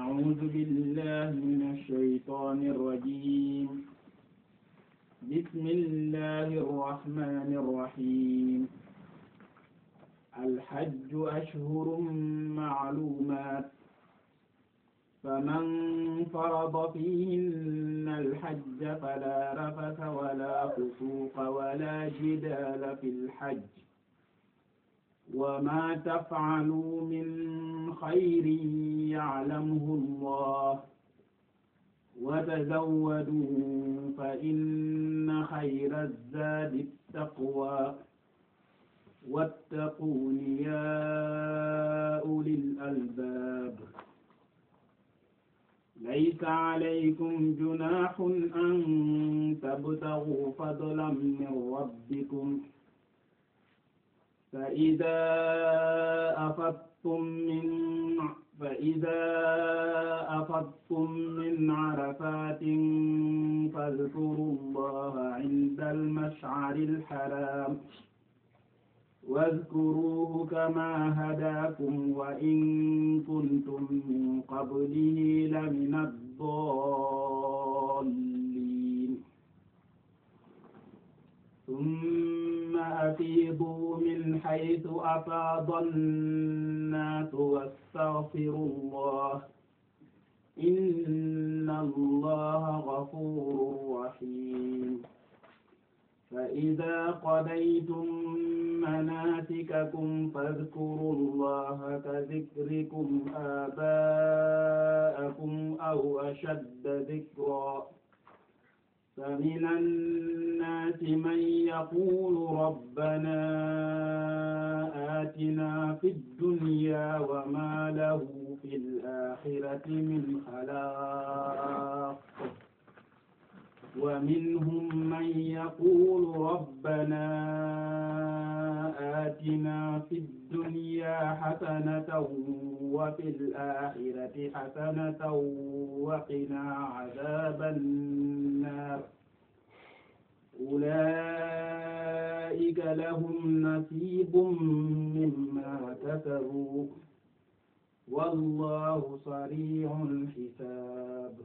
أعوذ بالله من الشيطان الرجيم بسم الله الرحمن الرحيم الحج أشهر معلومات فمن فرض فيهن الحج فلا رفث ولا فسوق ولا جدال في الحج وما تفعلوا من خير يعلمه الله وتزودوا فإن خير الزاد التقوى واتقون يا أولي الألباب ليس عليكم جناح أن تبتغوا فضلا من ربكم فإذا أفضتم من فإذا أفضتم من عرفات فاذكروا الله عند المشعر الحرام واذكروه كما هداكم وإن كنتم من قبله لمن الضالين ثم أفيضوا من حيث أفاض الناس واستغفروا الله إن الله غفور رحيم فإذا قضيتم مناسككم فاذكروا الله كذكركم آباءكم أو أشد ذكرا فمن الناس الناس من يقول ربنا آتنا في الدنيا وما له في الآخرة من خلاق ومنهم من يقول ربنا آتنا في الدنيا حسنة وفي الآخرة حسنة وقنا عذاب النار أولئك لهم نصيب مما كسبوا والله سريع الحساب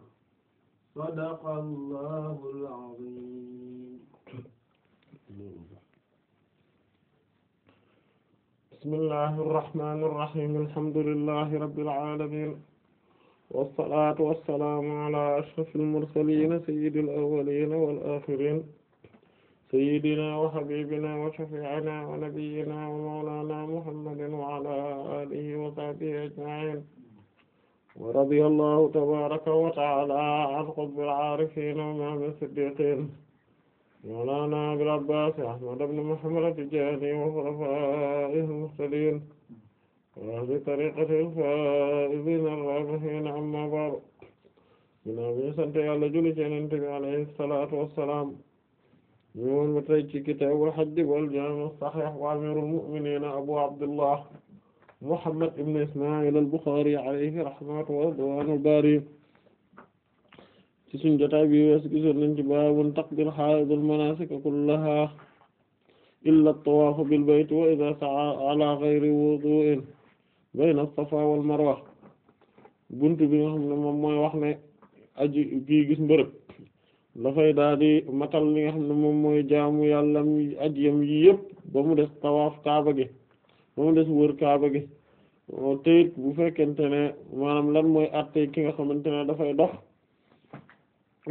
صدق الله العظيم بسم الله الرحمن الرحيم الحمد لله رب العالمين والصلاة والسلام على أشرف المرسلين سيد الأولين والآخرين sayyidina wa habibina wa shafi'ina wa nabiyyina wa mawlana muhammadin wa ala alihi wa sahbihi ajma'in wa radiyallahu tabaraka wa ta'ala an qutbil arifin wa ma'al siddiqin mawlana abil abbas ahmad ibn muhammad at-tijani wa khulafa'ihi al-muhtadin wa ahli tariqatihi al-faa'izin ar-raabihin amma ba'd ginnaaw bi ñu sant Yàlla julli ci Yonent bi alayhi salaatu wa salaam ñu woon ba tey a kitaabul hajj wal jaami wa amirul mu'miniina abu abdullah muhammad ibn isma'il al-bukhari alayhi wa ridwaanul baari ci suñu bi wees gisoon nañ ci baabun taqdil haa'idul manaasika kullahaa illa at-tawaaf bil wa idhaa sa'a ala ghayri wudu'in bayna as-safaa wal marwa bi nga xam ne moom mooy wax ne aji bi gis mbërëg dafay daal di matal ni xam ne moom mooy jaamu yàlla mi ajiyam yi yëpp ba mu des tawaaf kaaba gi ba mu des wër kaaba gi te it bu fekkente ne maanaam lan mooy atte ki nga xamante ne dafay dox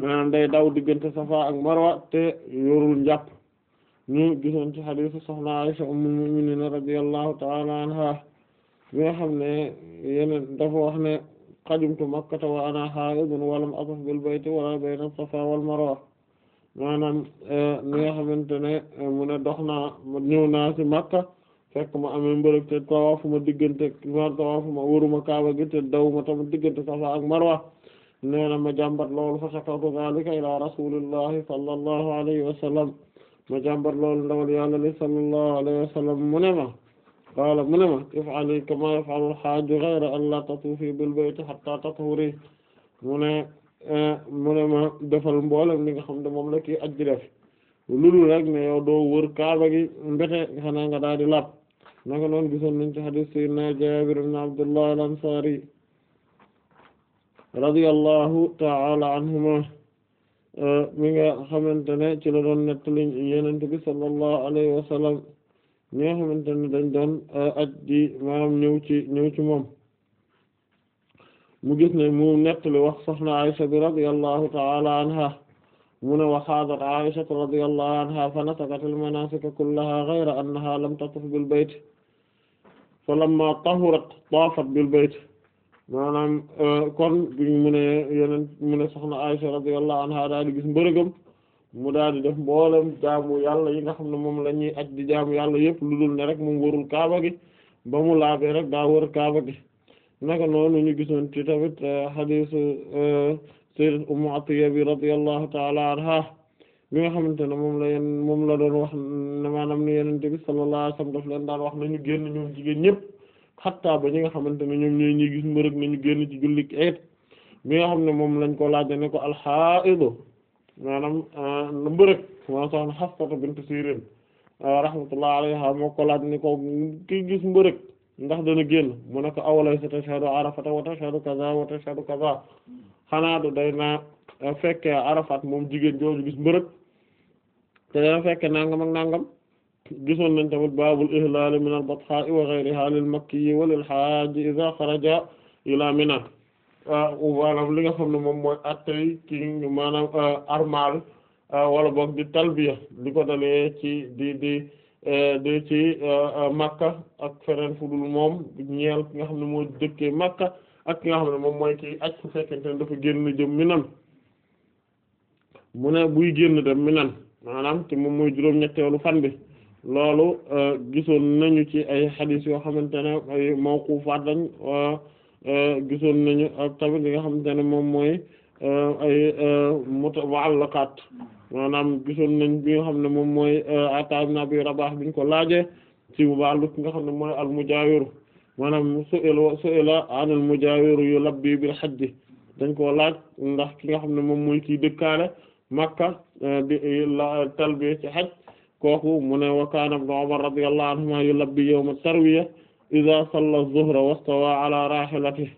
maanaam day daw diggante safa ak marwa te yorul njàpp ñu gisoon ci xadiisu soxna Aysa ummul mu'miniin radiyallahu ta'ala anha bi nga xam ne yeneen dafa wax ne qadimtu makkata wa ana haa'idun wa lam atuf bil bayti wala bayna safa wal marwa maanaam eh, ni nga xamante ne eh, mu ne dox naa ñëw naa ci makka fekk ma amee mbërëg te tawaafu ma diggante ma tawaafu ma wëruma kaaba gi te daw ma tamit diggante safa marwa nee na ma jàmbat loolu fa shakawtu zalika ila rasulillahi sallallahu alayhi wa ma jàmbat loolu ndawal yàlla li sallallahu alayhi mu ne ma qaala mu ne ma if'ali kama yaf'alu al-haaju ghayra an laa tatuufi bil bayti hattaa tatahuri mu ne mu ne ma defal mboolem li nga xam ne moom la kii aj di def lulul rek ne yow doo wër kaaba gi mbete xanaa nga daal di laab naka noonu gisoon nañ ci hadith sayyidina Jaabir ibn Abdullah al-Ansaari radiyallahu ta'ala anhuma mi nga xamante ne ci la doon nettali Yonent bi sallallahu alayhi wa sallam ñi nga xamante ne dañ doon euh, aj di maanaam ñëw ci ñëw ci moom mu gis ne mu nettali wax soxna Aysa bi radiyallahu ta'ala anha mu ne wa haadat Aysatu radiyallahu anha fa nasakat al-manasika kullaha ghayra annaha lam tatuf bil bayt falamma tahurat taafat bil bayt maanaam euh, kon mu ne yeneen mu ne soxna Aysa radiyallahu anha daal di gis mbërëgam mu daal di def mboolem jaamu yàlla yi nga xam ne moom la ñuy aj di jaamu yàlla yëpp lu dul ne rek moom warul kaaba gi ba mu laabee rek daa wër kaaba gi naka noonu ñu gisoon ci tamit euh, hadiisu euh, sayyidat Ummu Atiyya bi radiyallahu ta'ala anha bi nga xamante ne moom la yeen moom la doon wax ne maanaam ne yenente bi sallallahu alayhi daf leen daan wax nañu génn ñoom jigéen ñëpp xattaa ba ñi nga xamante ne ñoom ñooy ñuy gis mbërëg nañu génn ci julli eet bi nga xam ne moom lañ ko laaj ne ko alxaidu maanaam euh, mbërëg maanaam soxna Hafsatu bint Sirin euh, rahmatullahi alayha moo ni ko ki gis mbërëg ndax dana génn mu ne ko awalaysa tashhadu arafata wa tashhadu kaza wa tashhadu kaza xanaa du day naa euh, fekkee arafat moom jigéen jooju gis mbërëg te dana fekke nangam na nangam gisoon nañ tamit baabul ihlaal min al bathaa wa ghayriha lil makki wa lil haaji idha kharaja ila Euh, maanaam li nga xam ne moom mooy attey ki maanaam euh, armal euh, wala boog di talbiya li ko dalee ci di di di ci Makka ak feneen fu dul moom ñeel ki nga xam ne moo dëkkee Makka ak ki nga xam ne moom mooy ki aj su fekkente ne dafa génn jëm Minan mu ne buy génn dem Minan maanaam te moom mooy juróom walu fan bi loolu gisoon nañu ci ay xadiis yoo xamante ne ay mawqufaat lañ Euh, gisoon nañu ak euh, tamit li nga xamante ne moom mooy euh, ay mutawallaqat maanaam gisoon nañ bi nga xam ne moom mooy Ata ibn Abi Rabah biñ ko laaje ci wàllu ki nga xam ne mooy al mujawir maanaam su'ila su'ila anil mujawir yulabbi bil hajj dañ koo laaj ndax ki nga xam ne moom mooy kii dëkkaale Makka di la ci hajj kooku mu ne wa kaana ibn Umar radiyallahu anhuma yulabbi yawma tarwiya iza salla zuhra wastawa ala rahilatihi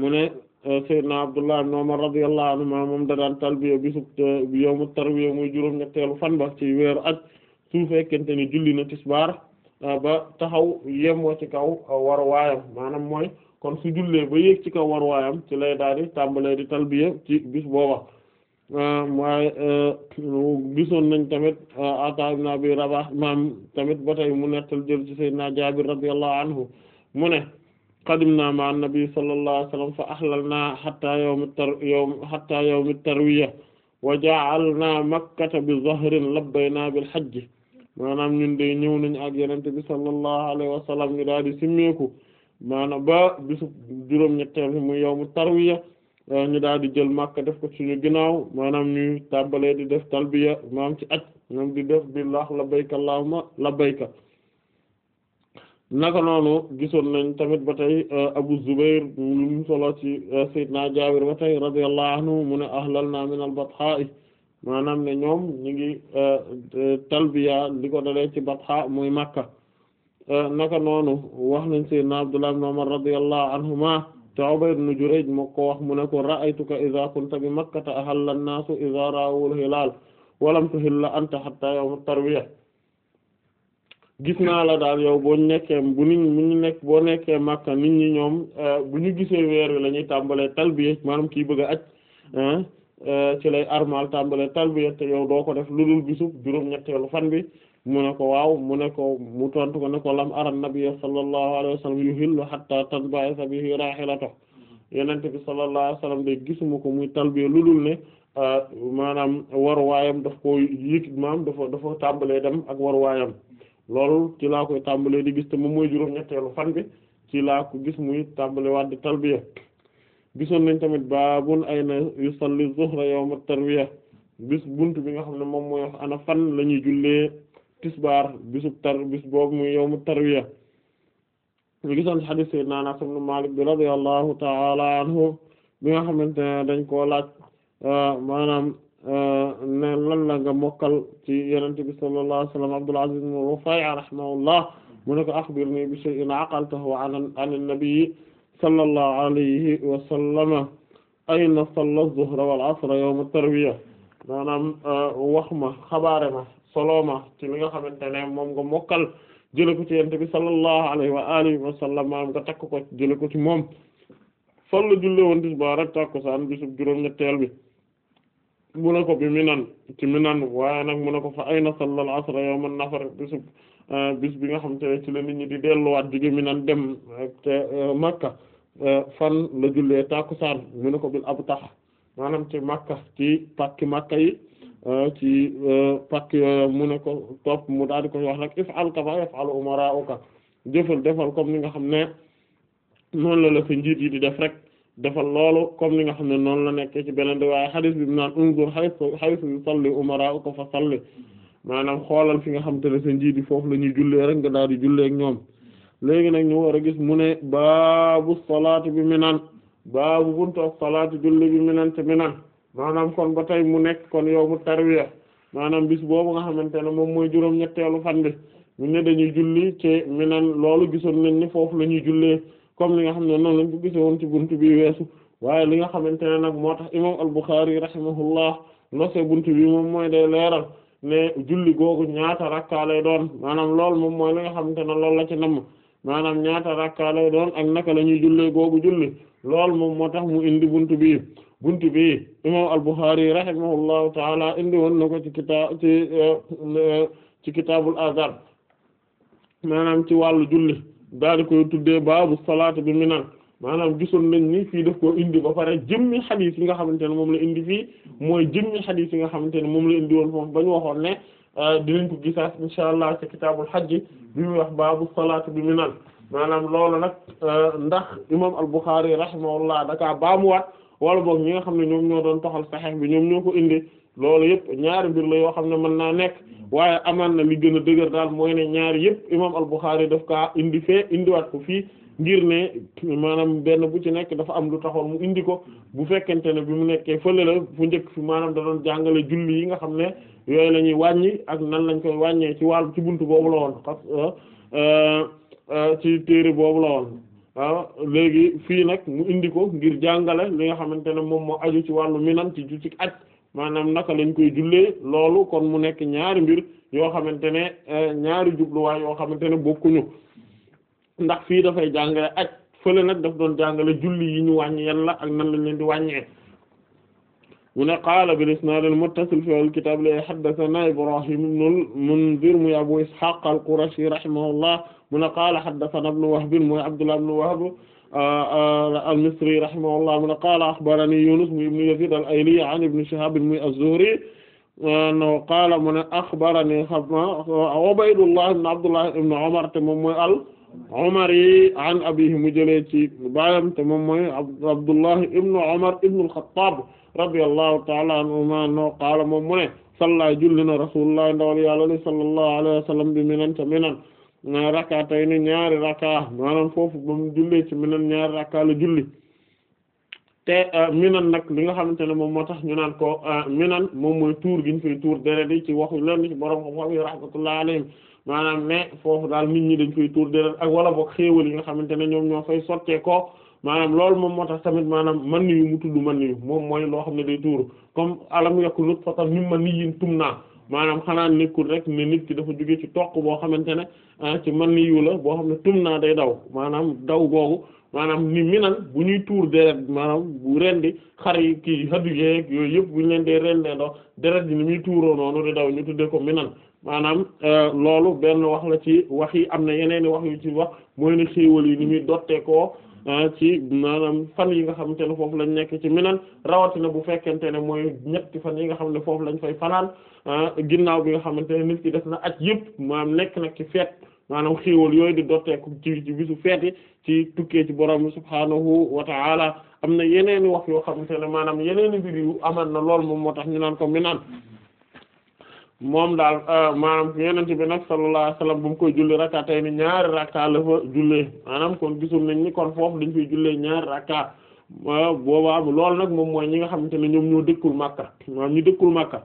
mu ne euh, sayyidina Abdullah ibn Umar radiyallahu anhuma moom da daan talbiya bisub euh, yawmu tarwiya muy juróom-ñetteelu fan ba ci weeru ak su fekkente julli na tisbaar euh, ba taxaw yemoo ci kaw war waayam maanaam mooy kon su jullee ba yéeg ci kaw war waayam ci lay daal di tàmbalee di talbiya ci bis booba Ah, waaye eh, gisoon nañ tamit eh, Ataa ibn Abi Rabah maam tamit ba tey mu nettal jël ci Seydina Jaabir radiyallahu anhu mu ne qadimna ma'a nabi sallallahu alayhi wa sallam fa ahlalna hatta yawm at yawm hatta yawm at-tarwiya wa ja'alna bi zahrin labbayna bil hajj ñun de ñëw nañ ak yenente bi sallallahu alayhi wa sallam ñu daal di simmeeku maanaam ba bisu juróom-ñetteel mu yawm at-tarwiya Eh, ñu daal di jël Makka def ko suñu ginnaaw maanaam ñu tàmbalee di def talbiya maam ci aj ñoom di def billah labbayka allahumma labbayka naka noonu gisoon nañ tamit ba tey eh, Abu Zubayr mu solo ci eh, Seydina Jaabir ba tey radiyallahu anhu mu ne ahlalna min al-batha'i maanaam ne ñoom ñu ngi talbiya li ko dalee ci batha muy Makka naka noonu wax nañ Seydina Abdullah ibn Umar radiyallahu anhuma te Ubayd ibn Jurayj moo ko wax mu ne ko ra'aytuka idha kunta bi makkata ahalla an-naasu idha ra'awul hilaal wa lam tuhilla anta hatta yawm at-tarwiya gis naa la daal yow boo nekkee bu nit nekk boo nekkee Makka nit ñi ñoom eh, bu ñu gisee weer wi lañuy ñuy tàmbalee ma maanaam kii bëgg aj eh, eh, ci lay armal tàmbalee talbiya te yow doo ko def lu dul bisub juróom-ñetteelu fan bi mu ne ko waaw mu ne ko mu tontu ko ne ko lam ara nabiyya sallallahu alayhi wa sallam yuhillu hatta tadbaisa bihi rahilatuh yenente bi sallallahu alayhi wa de gisuma ko muy talbiya lulul ne euh, maanaam war waayam daf ko yéeg maam dafa dafa tàmbalee dem ak war waayam loolu ci laa koy tàmbalee di gis te moom mooy juróom ñetteelu fan bi ci laa ko gis muy tàmbale waat di talbiya gisoon nañ tamit ay baabun ayna yusalli zuhra yawma tarwiya bis bunt bi nga xam ne moom mooy wax ana la ñuy jullee tisbaar bisub tar bis boobu muy yawmu tarwiya ñu gisoon hadith sayyidina Anas ibn Malik bi radiyallahu ta'ala anhu bi nga xamante ne dañ koo laaj uh, maanaam uh, ne lan la nga mokkal ci yonent bi sallallahu alayhi wa sallam Abdul Aziz ibn Rufay'a rahimahullah mu ne ko akhbirni bi shay'in aqaltahu an an-nabi sallallahu alayhi wa sallam ayna salla az-zuhra wal 'asra yawm at-tarwiya maanaam uh, wax ma xabaare ma solooma ci li nga xamante ne moom nga mokkal jële ko ci yonent bi sallallahu alayhi wa alihi wa sallam maam nga takk ko jële ko ci moom fan la julle woon tisbaar ak takkusaan bisub bi mu ne ko bi Minan ci Minan waaye nag mu ne ko fa ayna sallal asra yawman nafar bisub euh, bis bi nga xamante ne ci la nit ñi di delluwaat jóge Minan dem euh, te euh, Makka fan la jullee takkusaan mu ne ko bil Abtah maanaam ci Makka ci pàkki Makka yi Euh, ci euh, pàcc yooyu euh, mu ne ko topp mu daal di koy wax rek if'al kama yaf'alu umara'uka jëfal defal comme ni nga xam ne noonu la la sa njiit yi di def rek defal loolu comme ni nga xam ne noonu la nekk ci beneen waaye xadis bi mu naan unzur haythu yusalli umara'uka fa salli maanaam xoolal fi nga xam te ne sa njiit yi foofu la ñuy jullee rek nga daal di jullee ñoom léegi nag ñu war a gis mu ne baabu salaati bi minan baabu buntu salaati julli bi minan te minan maanaam kon ba tey mu nekk kon yawmu tarwiya maanaam bis boobu nga xamante ne moom mooy juróom ñetteelu fan bi ñu ne dañuy julli ci minan loolu gisoon nañ ne foofu la ñuy jullee comme li nga xam ne noonu lañ ko gisoon ci buntu bi weesu li nga xamante ne nag moo tax imam al-Bukhari rahimahullah nose buntu bi moom mooy de leeral ne julli googu ñaata rakka lay doon maanaam loolu moom mooy li nga xamante ne loolu la ci namm maanaam ñaata rakka lay doon ak naka la ñuy jullee googu julli lool moom moo tax mu indi buntu bi buntu bi imam al-Bukhari rahimahullahu taala indi woon na ko ci kitaab ci kitaabul azan maanaam ci wàllu julli daal di koy tuddee baabu salaat bi Mina maanaam gisoon nañ ni fii def ko indi ba pare jëmmi xadiis yi nga xamante ne moom la indi fii mooy jëmmi xadiis yi nga xamante ne moom la indi woon foofu ba waxoon ne euh, dinañ ko gisaas insha allah ci kitaabul xaj bi muy wax baabu salaat bi Mina maanaam loolu nag euh, ndax imam al-Bukhari rahimahullah da kaa baamuwaat. wala boog ñi nga xam ne ñoom ñoo doon toxal saxeex bi ñoom ñoo ko indi loolu yëpp ñaari mbir la yoo xam ne mën naa nekk waaye amaan na li gën a dëgër daal mooy ne ñaari yëpp imaam al-Bukhari daf kaa indi fee indiwaat ko fii ngir ne maanaam benn bu ci nekk dafa am lu taxoon mu indi ko bu fekkente ne bi mu nekkee fële la bu njëkk fi maanaam da doon jàngale julli yi nga xam ne yooy la ñuy wàññi ak nan lañ koy wàññee ci wàllu ci bunt boobu la woon xas euh, euh, ci téere boobu la Ah, léegi fii nag mu indi ko ngir jàngale li nga xamante ne moom moo aju ci wàllu minan ci ci aj maanaam naka lañ koy jullee loolu kon mu nekk ñaari mbir yoo xamante ne eh, ñaari jubluwaay yoo xamante ne bokkuñu ndax fii dafay jàngale aj fële nag daf doon jàngale julli yi ñu wàññi la ak nan lañ leen di wàññee mu ne qaala bil isnaad al muttasil fi al kitaab li haddasanaa Ibraahiim ibn al Munzir muy Abu Ishaaq al Qurashi rahimahullah mu ne qaala haddasanaa ibn Wahb muy Abdullah ibn Wahb euh, euh, al Misri rahimahullah mu ne qaala axbaranii Yuunus muy ibn Yaziid al Ayli an ibn Shihaab muy az-Zuhri no qaala mu ne axbaranii Ubaydullah ibn Abdullah ibn Umar te moom mooy al Umari an abiihi mu jëlee ci baayam te moom mooy Abdullah ibn Umar ibn al-Khattaab radiyallahu ta'ala anhuma no qaala moom mu ne salla julli na rasulullah ndawal yàlla li sallallahu alayhi wa sallam bi minan ca minan rakatay ni ñaari raka maanaam foofu ba mu ci minan ñaari raka julli te euh, minan nag li nga xamante ne moom moo tax ñu naan ko euh, minan moom mooy tuur gi ñu fay tuur deret yi ci waxu leen ci borom xam-xam yi rahmatullahi ne foofu daal nit ñi dañ fay tuur deret ak wala boog xéewal yi nga xamante ne ñoom ñoo fay sottee ko maanaam loolu moom moo tax tamit maanaam man yu mu tudd man yu moom mooy loo xam ne day tuuru comme alam yakku nut fatam mi man ni tum naa maanaam xanaa nekkul rek ne nit ki dafa jóge ci toq boo xamante ne ah, ci man ni yu la boo xam tum naa day daw maanaam daw googu maanaam ni minan bu ñuy tuur deret maanaam bu rendi xar yi kii xaddu yeeg yooyu yëpp bu ñu leen dee rendee do deret yi ni muy tuuroo noonu di daw ñu tuddee ko minan maanaam eh, loolu benn wax la ci wax yi am na yeneen i wax yu ci wax mooy ne xéewal yi ni muy dotte koo Ah, ci maanaam fan yi nga xamante ne foofu lañ nekk ci Minan rawatina bu fekkente ne mooy ñetti fan yi nga xam ne foofu lañ fay fanaan ah, ginnaaw bi nga xamante ne nit ki def na at yëpp maanaam nekk nag ci feet maanaam xéewal yooyu di dotteeku ci ci bisu feeti ci tukkee ci borom subhaanahu wa ala am na yeneeni wax yoo xamante ne maanaam yeneeni mbir yu aman na lool moom moo tax ñu naan ko Minan moom daal euh, maanaam yonent bi nag sallallahu alayhi wasallam bu mu koy julli rakka tey ni ñaari rakka la fa jullee maanaam kon gisul nañ ni kon foofu dañ koy jullee ñaari rakka boobaa loolu nag moom mooy ñi nga xamante ne ñoom ñoo dëkkul Makka maanaam ñu dëkkul Makka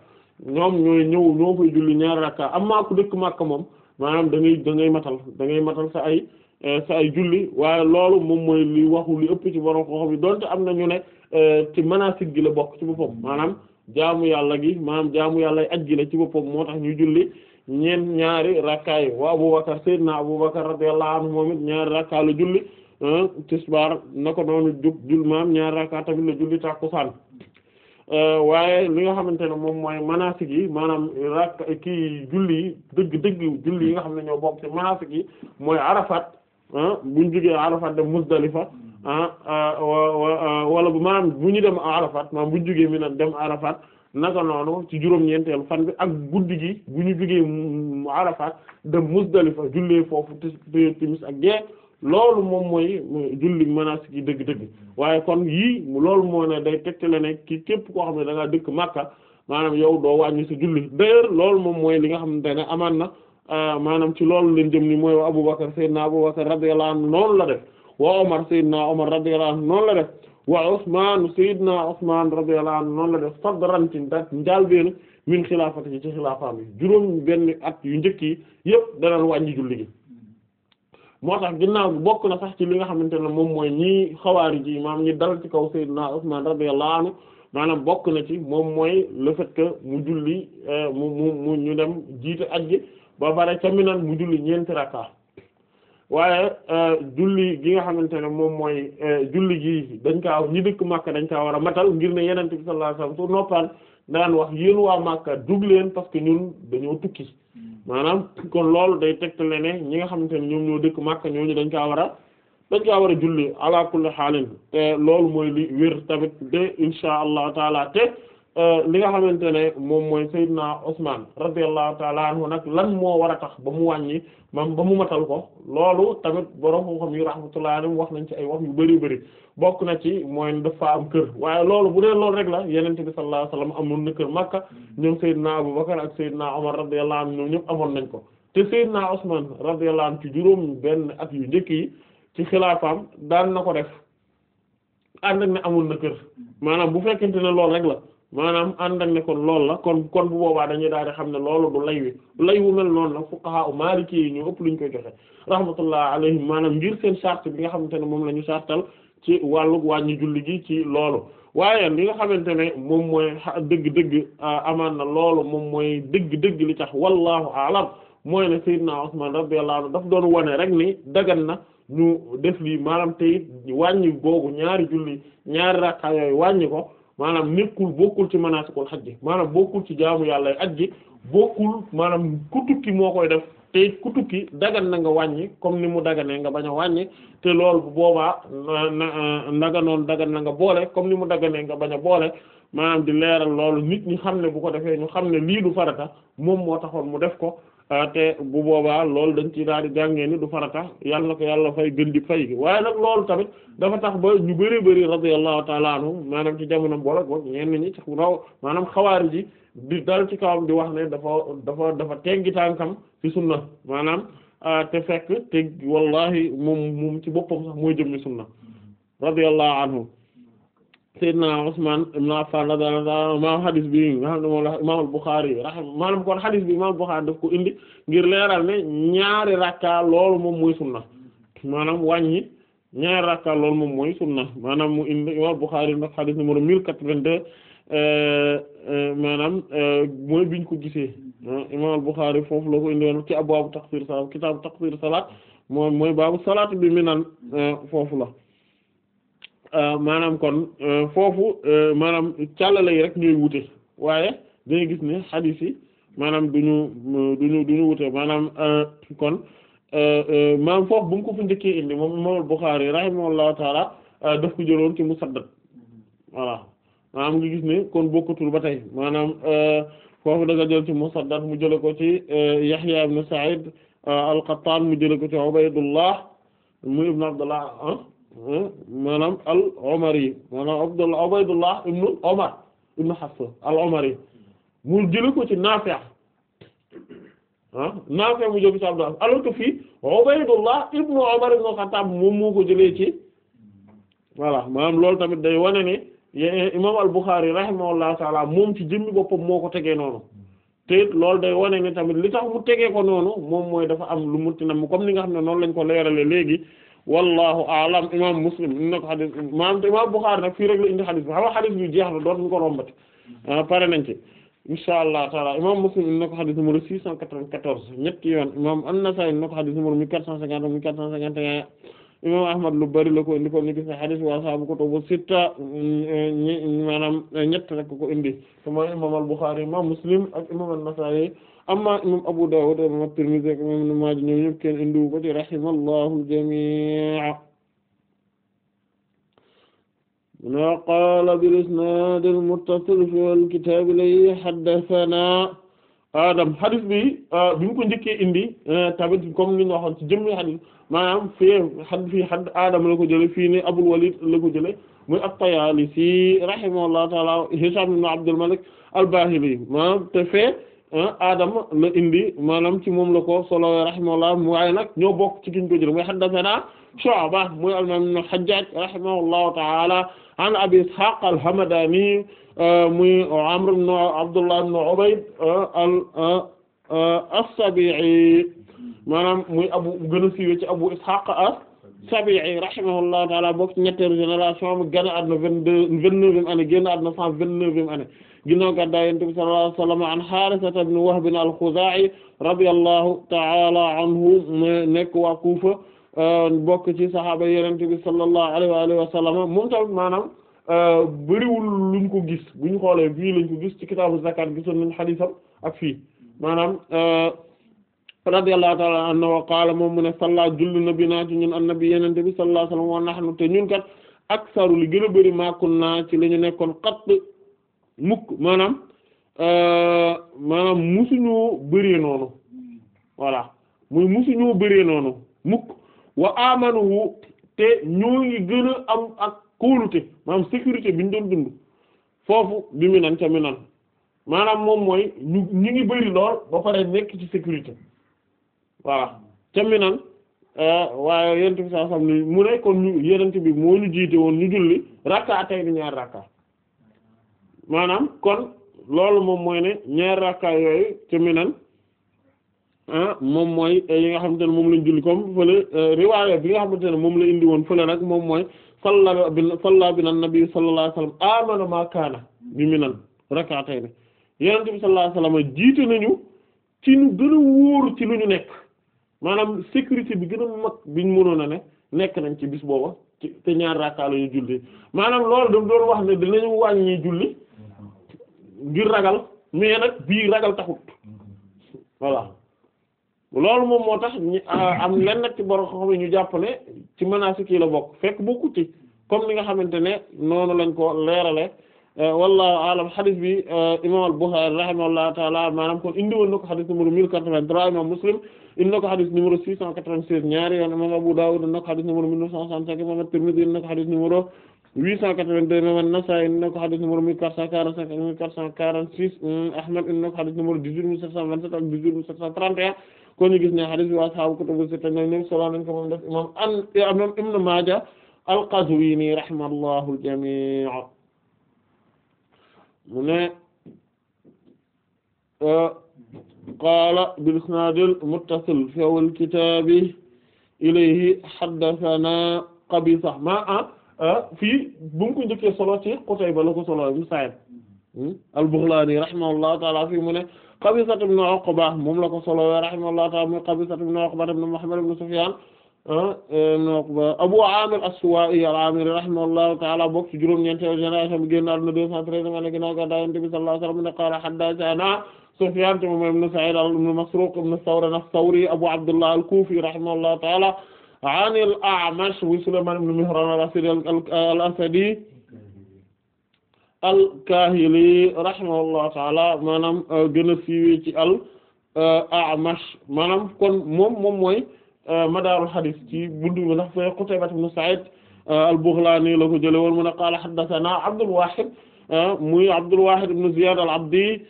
ñoom ñëw ñoo fay julli ñaari rakka amma ku dëkk moom maanaam da ngay da ngay matal da ngay matal sa ay euh, sa ay julli waaye loolu moom mooy li waxu li ëpp ci borom xoox bi donte am na ñu ne euh, ci manaasik gi la bokk ci boppam maanaam. jaamu yàlla gi maanaam jaamu yàlla aj gi la ci bopp moo tax ñu julli ñeent ñaari rakkaay wa Abubakar Seydina Abubakar radiyallahu anhu moom ñaari rakkaa la julli tisbaar na ko noonu jug jul maam ñaari rakkaa tamit la julli tàkkusaan euh, waaye li nga xamante ne moom mooy manasik yi maanaam rakk kii julli yi dëgg dëgg julli yi nga xam ne ñoo bokk ci manasik yi mooy Arafat buñ jugee Arafat dem Muzdalifa Ah, ah, ah, wala bu maanaam bu ñu dem Arafat maanaam bu ñu jógee mi dem Arafat naka noonu ci juróom-ñeenteelu ak guddi gi bu ñu jógee Arafat dem Muzdalifa jullee foofu timis ak gee loolu moom mooy julli manasik yi dëgg-dëgg waaye kon yii loolu moo ne day tegtale ne ki képp koo xam ne da dëkk Makka maanaam yow doo wàññi sa julli d'ailleurs loolu moom mooy li nga xamante ne amaan na maanaam ci loolu leen jëm ni mooy wa Abubakar Seydina Abubakar radiyallahu anhu noonu la def wa Omar Seydina Omar radiyallahu noonu la def wa Ousmane Seydina Ousmane radiyallahu anhu noonu la def sadran ci ndax njàlbéen min xilaafati ci xilaafaam yi juróom benn at yu njëkk yi yëpp danañ wàññi julli gi moo tax ginnaaw bi bokk na sax ci li nga xamante ne moom mooy ñii xawaari ji maam ñi dal ci kaw Seydina Ousmane radiyallahu anhu maanaam bokk na ci moom mooy la fait que mu julli euh, mu mu mu ñu dem jiit at gi ba pare ca Minan mu julli ñeenti rakka waaye euh, julli gi nga xamante ne moom mooy euh, julli gi dañ kaa ñi dëkk Makka dañ kaa war a matal ngir ne Yonent bi sallallahu alayhi wasallam su noppaan daan wax yéen waa Makka dug leen parce que ñun dañoo tukki maanaam kon lool day tegtale ne ñi nga xamante ne ñoom ñoo dëkk Makka ñooñu dañ kaa war dañ kaa war a julli ala kulli xaalin te loolu mooy li wér tamit de insha allah taala te Euh, li nga xamante ne moom mooy seyd naa Usman radiyallahu taala anhu nag lan moo war a tax ba mu wàññi mam ba mu matal ko loolu tamit borom moo xam yu rahmatullahi alayhi wax nañ ci ay wax yu bari bari bokk na ci mooy dafa am kër waaye loolu bu dee loolu rek la yenente bi sallallahu alayhi wasallam amoon na kër Makka ñoom Seydina Abu Bakar ak Seydina Umar radiyallahu anhu ñoom ñëpp amoon nañ ko te Seydina Usman radiyallahu anhu ci juróom benn at yu njëkk yi ci xilaafaam daan na ko def ànd ak na kër maanaam bu fekkente ne loolu rek la maanaam ànd ak ne ko loolu la kon kon bu boobaa dañuy daal di xam ne loolu du lay wi lay wu mel noonu la fuqaha maliki yi ñu ëpp lu ñu koy joxe rahmatullah alayhim maanaam ngir seen charte bi nga xamante ne moom la ñu sartal ci wàllu wàññi julli gi ci loolu waaye li nga xamante ne moom mooy dëgg-dëgg amaan na loolu moom mooy dëgg-dëgg li tax wallahu alam mooy ne Seydina Usman radiyallahu anhu daf doon wane rek ni dagan na ñu def lii maanaam te it wàññi googu ñaari julli ñaari rakka yooyu wàññi ko maanaam nekkul bokkul ci manasikul xaj ji maanaam bokkul ci jaamu yàlla aj ji bokkul maanaam ku moo koy def te it ku tukki dagan na nga wàññi comme ni mu daganee nga baña wàññi te loolu bu boobaa ndaga noonu dagan na nga boole comme ni mu daganee nga bañ a boole maanaam di leeral loolu nit ñi xam ne bu ko defee ñu xam ne lii du farata moom moo taxoon mu def ko Ah, te bu boobaa loolu dañ ci daal di jàngee ni du farata yàlla na ko yàlla fay gën di fay waaye nag loolu tamit dafa tax ba ñu bëri bëri radiyallahu ta'ala anhum maanaam ci jamono boole ko ñenn ñi ci raw maanaam xawaari ji di dal ci kawam di wax ne dafa dafa dafa teggi tànkam ci sunna maanaam ah, te fekk te wallahi moom moom ci boppam sax mooy jëmmi sunna radiyallahu anhu Seydina Usman ibn Affan radiyallahu anhu hadith bi nga xam ne moom kon hadith bi Imam Bukhari daf ko indi ngir leeral ne ñaari rakka loolu moom mooy sunna maanaam wàññi ñaari rakka loolu moom mooy sunna maanaam mu indi Imam Bukhari nag hadith numéro 1082 euh, euh, maanaam euh, mooy biñ ko gisee Imam Bukhari foofu la ko indi woon ci a taqsir salaat kitaabu taqsir salaat mooy baabu salaat bi minan foofu la. Euh, maanaam kon euh, foofu euh, maanaam càllale yi rek ñooy wute waaye dañu gis ne xadiis yi maanaam duñu duñu duñu wute maanaam kon maanaam foofu bu ko fu njëkkee indi moom imaamul Buxaari rahimahullahu taala daf ko jëloon ci Musaddad voilà maanaam nga gis ne kon bokkatul ba tey maanaam foofu da nga jël ci Musaddad mu jële ko ci Yahya ibn Sa'id al-Qattan mu jële ko ci Ubaydullah mu ibn Abdullah ah. maanaam al omari maanaam Abdullah Ubaydullah ibnu Omar ibnu Hafs al omari mu jëli ko ci Naafi' ah Naafi' mu jóge ci Abdullah alors que fii ibnu Omar ibnu Khattab moom moo ko jëlee ci voilà maanaam loolu tamit day wane ne imam al Bukhari rahimahullahu taala moom ci jëmmi boppam moo ko tegee noonu te lool loolu day wane ne tamit li tax mu tegee ko noonu moom mooy dafa am lu mu tinam comme ni nga xam ne noonu lañ ko leerale léegi. wallahu a'lam imam muslim in na ko xadis maanaam te imam Bukhari nag fii rek la indi xadis bi xam nga xadis bi jeex na dootuñu ko rombati ah, pare nañ ci insha allah taala imam muslim in na ko xadis numéro six cent quatre quatorze ñetti yoon imam an-Nasa'i in ko xadis numéro mille quatre cent cinquante mille quatre cent cinquante et un ahmad lu bari la ko indi ko ni gis xadis waa saabu kutubu sitta ñi maanaam ñett rek ko indi te mooy imam al-Bukhari imam amma Abu Dawud imam Tirmidhi ak imam Ibn Maaja ñoom ñëpp kenn indiwu ko na qaala bil-isnaad al-muttasil fil kitaab li Adam hadith bi ah, bi mu ko njëkkee indi eh, tamit comme ni ñu waxoon ci jëmmi hadith maanaam fii hadith fii Adam la ko jëlee fii nii Abul Walid la ko jëlee muy at ibn Abdul Malik al-Baahili Ah, Adama la indi maanaam ci moom la ko solo rahimahullah waaye nag ñoo bokk ci giñ ko jël mooy haddathana Shu'ba mooy al-imam al-Hajjaj rahimahullahu ta'ala an Abi Ishaq al-Hamadani ah, muy Amr ibn Abdullah ibn Ubayd ah, as-Sabi'i maanaam muy abu gën a siiwee ci Abu Ishaq as-Sabi'i ta'ala bokk ci ñetteelu génération mu génn àdduna vingt-deux vingt-neuvième année ginnaaw gàddaa yonent bi sallallahu alayhi wa sallam an Haarisata ibn Wahb al-Khuzaa'i radiyallahu ta'ala anhu nekk waa Kuufa euh, bokk ci saxaaba yonent bi sallallahu alayhi wa alihi wa sallam moom tamit maanaam euh, bëriwul luñ ko gis bu ñu xoolee fii lañ ko gis ci kitaabu zakat gisoon nañ xadiisam a fii maanaam euh, radiyallahu ta'ala anhu wa qaala moom mu ne salla julli na bi naa ci ñun annabi yonent bi sallallahu alayhi wa sallam te ñun kat aksaru li gën a bëri maakun naa ci la nekkoon mukk maanaam euh, maanaam musuñoo bëree noonu voilà muy musuñoo bëree noonu mukk wa amanuhu te ñoo ngi gën am ak kóolute maanaam sécurité bi ñu doon foofu bi mu nan ca mi nan maanaam moom mooy ñu ñu ngi bëri lool ba pare nekk ci sécurité voilà ca mi nan euh, waaye yenent bi saa xam ne mu ne kon ñu yenent bi moo ñu jiite woon ñu julli rakka tey ni ñaar rakka maanaam kon loolu moom mooy ne ñaari rakkaay yooyu ci Minan ah, moom mooy eh, yi nga xamante ne moom lañ julli comme fële eh, riwaaya bi nga xamante ne moom la indi woon fële nag moom mooy salla bi salla bi nan nabi sallallahu alayhi wa sallam amana ma kaana bi Minan rakkaatay ne yonent bi sallallahu alayhi wa sallam ci ñu ci lu ñu nekk maanaam sécurité bi gën a mag biñ mënoon nekk nañ ci bis booba te ñaari rakkaa la ñu julli maanaam loolu dam doon wax ne dinañu wàññi julli ngir ragal mais bii ragal taxut voilà loolu moom moo tax ñu ah, am lenn nag ci borom xam ñu jàpp ne ci manaasik yi la bokk fekk bokkut ci comme ni nga xamante ne noonu lañ ko leerale eh, wallahu alam xadis bi eh, imam al-Bukhari rahimahullahu taala maanaam kon indi woon xadis numéro mille quatre-vingt-trois imam Muslim indi xadis numéro six cent quatre-vingt-seize ñaari yoon imam Abu Dawud na ko xadis numéro mille neuf cent soixante-cinq imam at-Tirmidhi na ko xadis 882 imam an-Nasa'i indi na ko xadis numéro 1445 1446 Ahmad indi na ko xadis numéro 18727 ak 18731 kon ñu gis ne xadis bi ashaabu kutubu sitta ñoom ñoom solo nañ ko moom def imam an imam Ibn Maaja al-Qazwini rahimahullahu al-jamii' mu ne euh, qaala bil-isnaad al-muttasil fi awwal kitaabi ilayhi haddathanaa Qabisa ma ah, Ah, fii bu mu ko njëkkee solo ci Qutayba la ko solo ibn Sa'id hmm? al-Baghlani rahimahullahu ta'ala fii mu ne Qabisat ibn Uqba moom la ko solo rahimahullahu ta'ala muy Qabisat ibn Uqba ibn Muhammad ibn Sufyan ah, ibn Uqba Abu Amir as-Suwa'i al-Amiri rahimahullahu ta'ala bokk ci juróom-ñeenteelu génération bi génn àdduna deux cent treize ma ne ginnaaw ga daa Yonent bi sallallahu alayhi wa sallam mu ne qaala haddathana Sufyan moom ibn Sa'id ibn Masruq ibn Thawr ath-Thawri Abu Abdullah al-Kufi rahimahullahu ta'ala an al-A'mash wa Sulaymaan ibn Mihraan al-Asadi al-Asadi al-Kaahili rahimahullahu ta'ala maanaam euh, gën a siiwee ci al-A'mash euh, maanaam kon moom moom mooy euh, madaarul hadiis ci buntu bi ndax fa Qutayba ibn Sa'iid al-Baghlaani la ko jëlee woon mu ne qaala haddathanaa Abdul Waahid muy Abdul Waahid ibn Ziyaad al-Abdi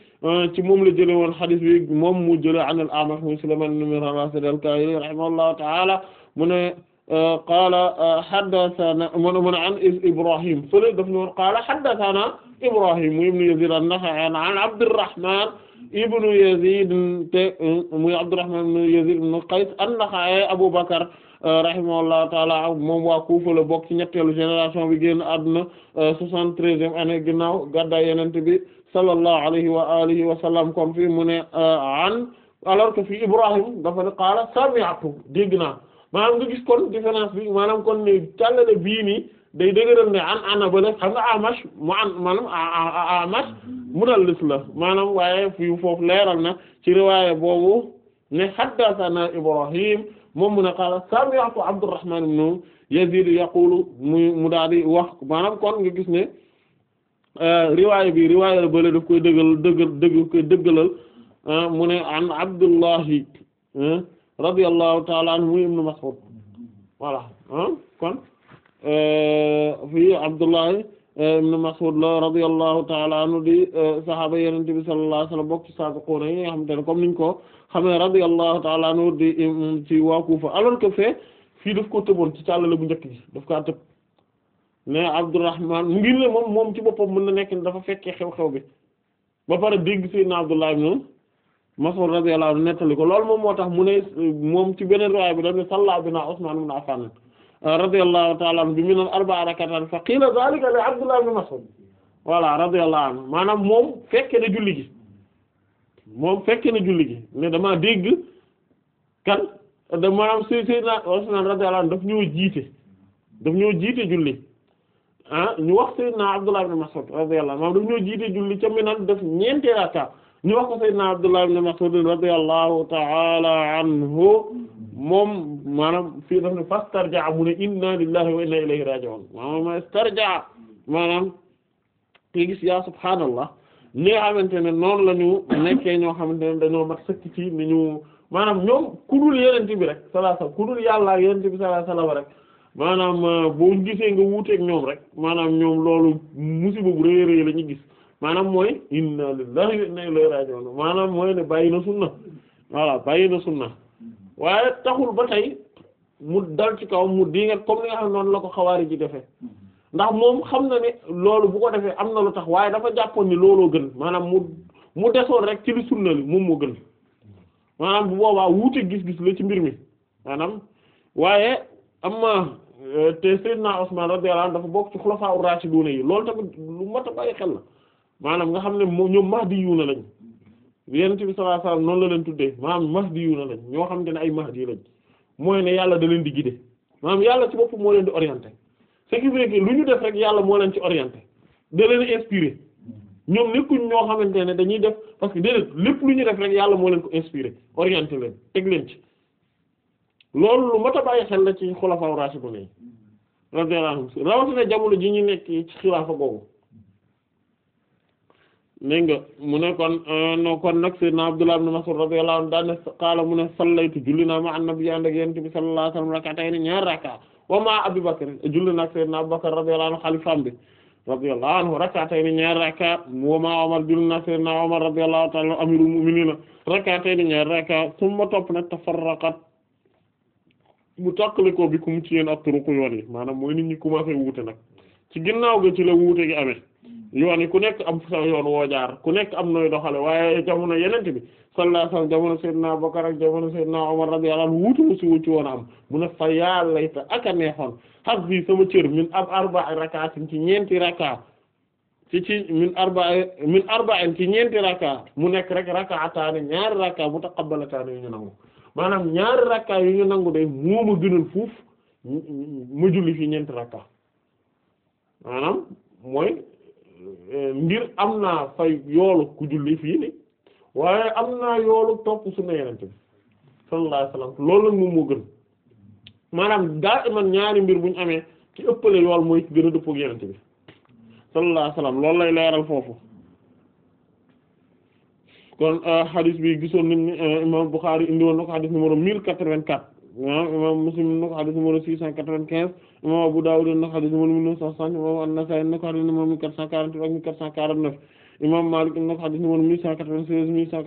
ci moom la jëlee woon hadiis bi moom mu jëlee an al-A'mash wa Sulaymaan ibn Mihraan al-Asadi al-Kaahili rahimahullahu ta'ala mu ne euh, qaala euh, haddathana mu ne mu ne an Ibrahim fële daf ne woon qaala haddathana Ibrahim mu ibnu Yazid an-Nakha'i an Abdurrahman ibnu Yazid te euh, muy Abdurrahman ibnu Yazid ibnu Qays an-Nakha'i Abu Bakr rahimahullahu taala moom waa Kufa la bokk ci ñetteelu génération bi génn àdduna soixante-treizième année ginnaaw gàddaay Yonent bi sallallahu alayhi wa alihi wa sallam kon fii mu ne an alors que fii Ibrahim dafa ne qaala sami'tu dégg naa maanaam ngi gis kon différence bi maanaam kon ne càllale bii nii day dëgëral ne ana ba xam a amash mu an maanaam amash mudallis la maanaam waaye fii foofu leeral na ci riwaaya boobu ne haddathana Ibrahim moom mu ne qaala sami'tu Abdurrahman ibn Yazid yaqulu mu mu daal di wax maanaam kon nga gis ne euh, riwaaya bi riwaaya la bële daf koy dëggal dëggal dëgg euh, mu ne an Abdullahi euh, radiyallahu taala anhu muy ibnu Mas'ud voilà kon euh, fii Abdullahi euh, ibnu Mas'ud la radiyallahu taala anhu di euh, sahaaba yenente bi sallallahu alayhi wasallam bokk ci saabiquuna yi nga xamante ne comme niñ ko xamee radiyallahu taala anhu di ci waa Kufa alors que fee fii daf ko tëboon ci càllale bu njëkk bi daf ka tëb mais Abdurrahman mu ne moom moom ci boppam mën na nekk dafa fekkee xew-xew bi ba pare dégg Seydina Abdullah ibn umm, Mas'ud radiyallahu anhu nettali ko loolu moom moo tax mu ne moom ci beneen riwaaya bi dañu ne salla bina Usman ibn Affan euh, radiyallahu ta'ala anhu bi Minan arba'a rak'atan fa qila dhalika li Abdullah ibn Mas'ud voilà radiyallahu maanaam moom fekke na julli gi moom fekke na julli gi ne damaa dégg kan da maanaam Sayyidina Usman radiyallahu anhu daf ñoo jiite daf ñoo jiite julli ah, ñu wax Sayyidina Abdullah ibn Mas'ud radiyallahu anhu maanaam daf ñoo jiite julli ca Minan def ñeenti rakka ñu wax ko sayyidna Abdullah ibn Mas'ud radiyallahu ta'ala anhu moom maanaam fii daf ne fastarja'a mu ne inna lillahi wa inna ilayhi raji'un maanaam ma istarja'a maanaam te gis yaa subhaanallah li nga xamante ne noonu la ñu nekkee ñoo xamante ne dañoo mat sëkk ci ni ñu maanaam ñoom kudul yenente bi rek sallallahu alayhi wasallam kudul yàlla ak yenente bi sallallahu rek maanaam boo gisee nga wuuteeg ñoom rek maanaam ñoom loolu musiba bu rëy rëy la ñu gis maanaam mooy inna lillahi wa inna ilayhi raji'un maanaam mooy ne bàyyi na sunna voilà bàyyi na sunna waaye taxul ba tey mu dal ci kaw mu dingat comme li nga noonu la ko xawaari ji defee ndax moom xam na ne loolu bu ko defee am na lu tax waaye dafa jàppoon ni looloo gën maanaam mu mu desoon rek ci li sunna li moom moo gën maanaam bu boobaa wuute gis-gis la ci mbir mi maanaam waaye amma euh, te Seydina Usman radiyallahu anhu dafa bokk ci xulafaa ur-raashidun yi loolu tamit lu mat la maanaam nga xam ne moom ñoom mahdiyuuna lañ yonent bi sallallahu alayhi wasallam noonu la leen tuddee maanaam mahdiyuuna lañ ñoo xam ne ay mahdi lañ mooy ne yàlla da leen di guider maam yàlla ci bopp moo leen di orienter ce qui veut ñu def rek yàlla moo leen ci orienter da leen inspirer ñoom nekkuñ ñoo xamante ne dañuy def parce que déedéet lépp lu ñu def rek yàlla moo leen ko inspirer orienter leen teg leen ci loolu lu mat a bàyyi xel la ci xulafaa rashidun yi radiyallahu anhum rawatina jamono ji ñu nekk ci xilaafa googu dégg nga mu ne kon euh, no kon nag sayyidna Abdullah ibn Mas'ud radiyallahu anhu daan qaala mu ne sallaytu julli na ma an-nabi ànd ak yonent bi sallallahu alayhi wasallam rak'atayn ñaar rakka wa ma Abu Bakr julli naa ak sayyidna Abu Bakr radiyallahu anhu xalifaam bi radiyallahu anhu rak'atayn ñaar rakka wa ma Umar julli naa sayyidna Umar radiyallahu ta'ala rakka summa topp nag tafarraqat mu tàqale ko bi ku mu ci yéen ak turuq yoon yi maanaam mooy nit ñi wuute nag ginnaaw yoon yi ku nekk am saw yoon woo jaar ku nekk am nooy doxale waaye jamono yenente bi sallallahu alayhi wasallam jamono Seydina Abubakar ak jamono Seydina Umar radiyallahu anhu wuutu si wucci woon am mu ne fa yàllay ta aka neexoon xas bi sama cër min ab arba'i rak'atin ci ñeenti raka ci ci min arba'i min arba'in ñeenti raka mu nekk rek rak'ataani ñaari raka mutaqabbalataani yu ñu nangu maanaam ñaari raka yu ñu nangu day mooma gënal fuuf ma julli fi ñeenti raka maanaam mooy mbir eh, am naa fay yoolu ku julli fii ni waaye am naa yoolu topp sunna yenente bi sallallahu alayhi wasallam loolu nag moom moo gën maanaam daa man ñaari mbir bu ñu amee ci ëppale yool mooy ci gën a dëppoo ak bi sallallahu alayhi wasallam loolu lay leeral foofu kon eh, hadith bi gisoon nañ eh, imam Bukhari indi woon na ko hadith numéro mille quatre-vingt-quatre ah, imam Muslim na ko hadith numéro six cent quatre-vingt-quinze imam Abu Dawud na xadis numéro mille neuf cent soixante imam An-Nasa'i na ko xadis numéro quatre cent quarante neuf imam Malik na ko xadis numéro cent quatre-vingt-seize mille cent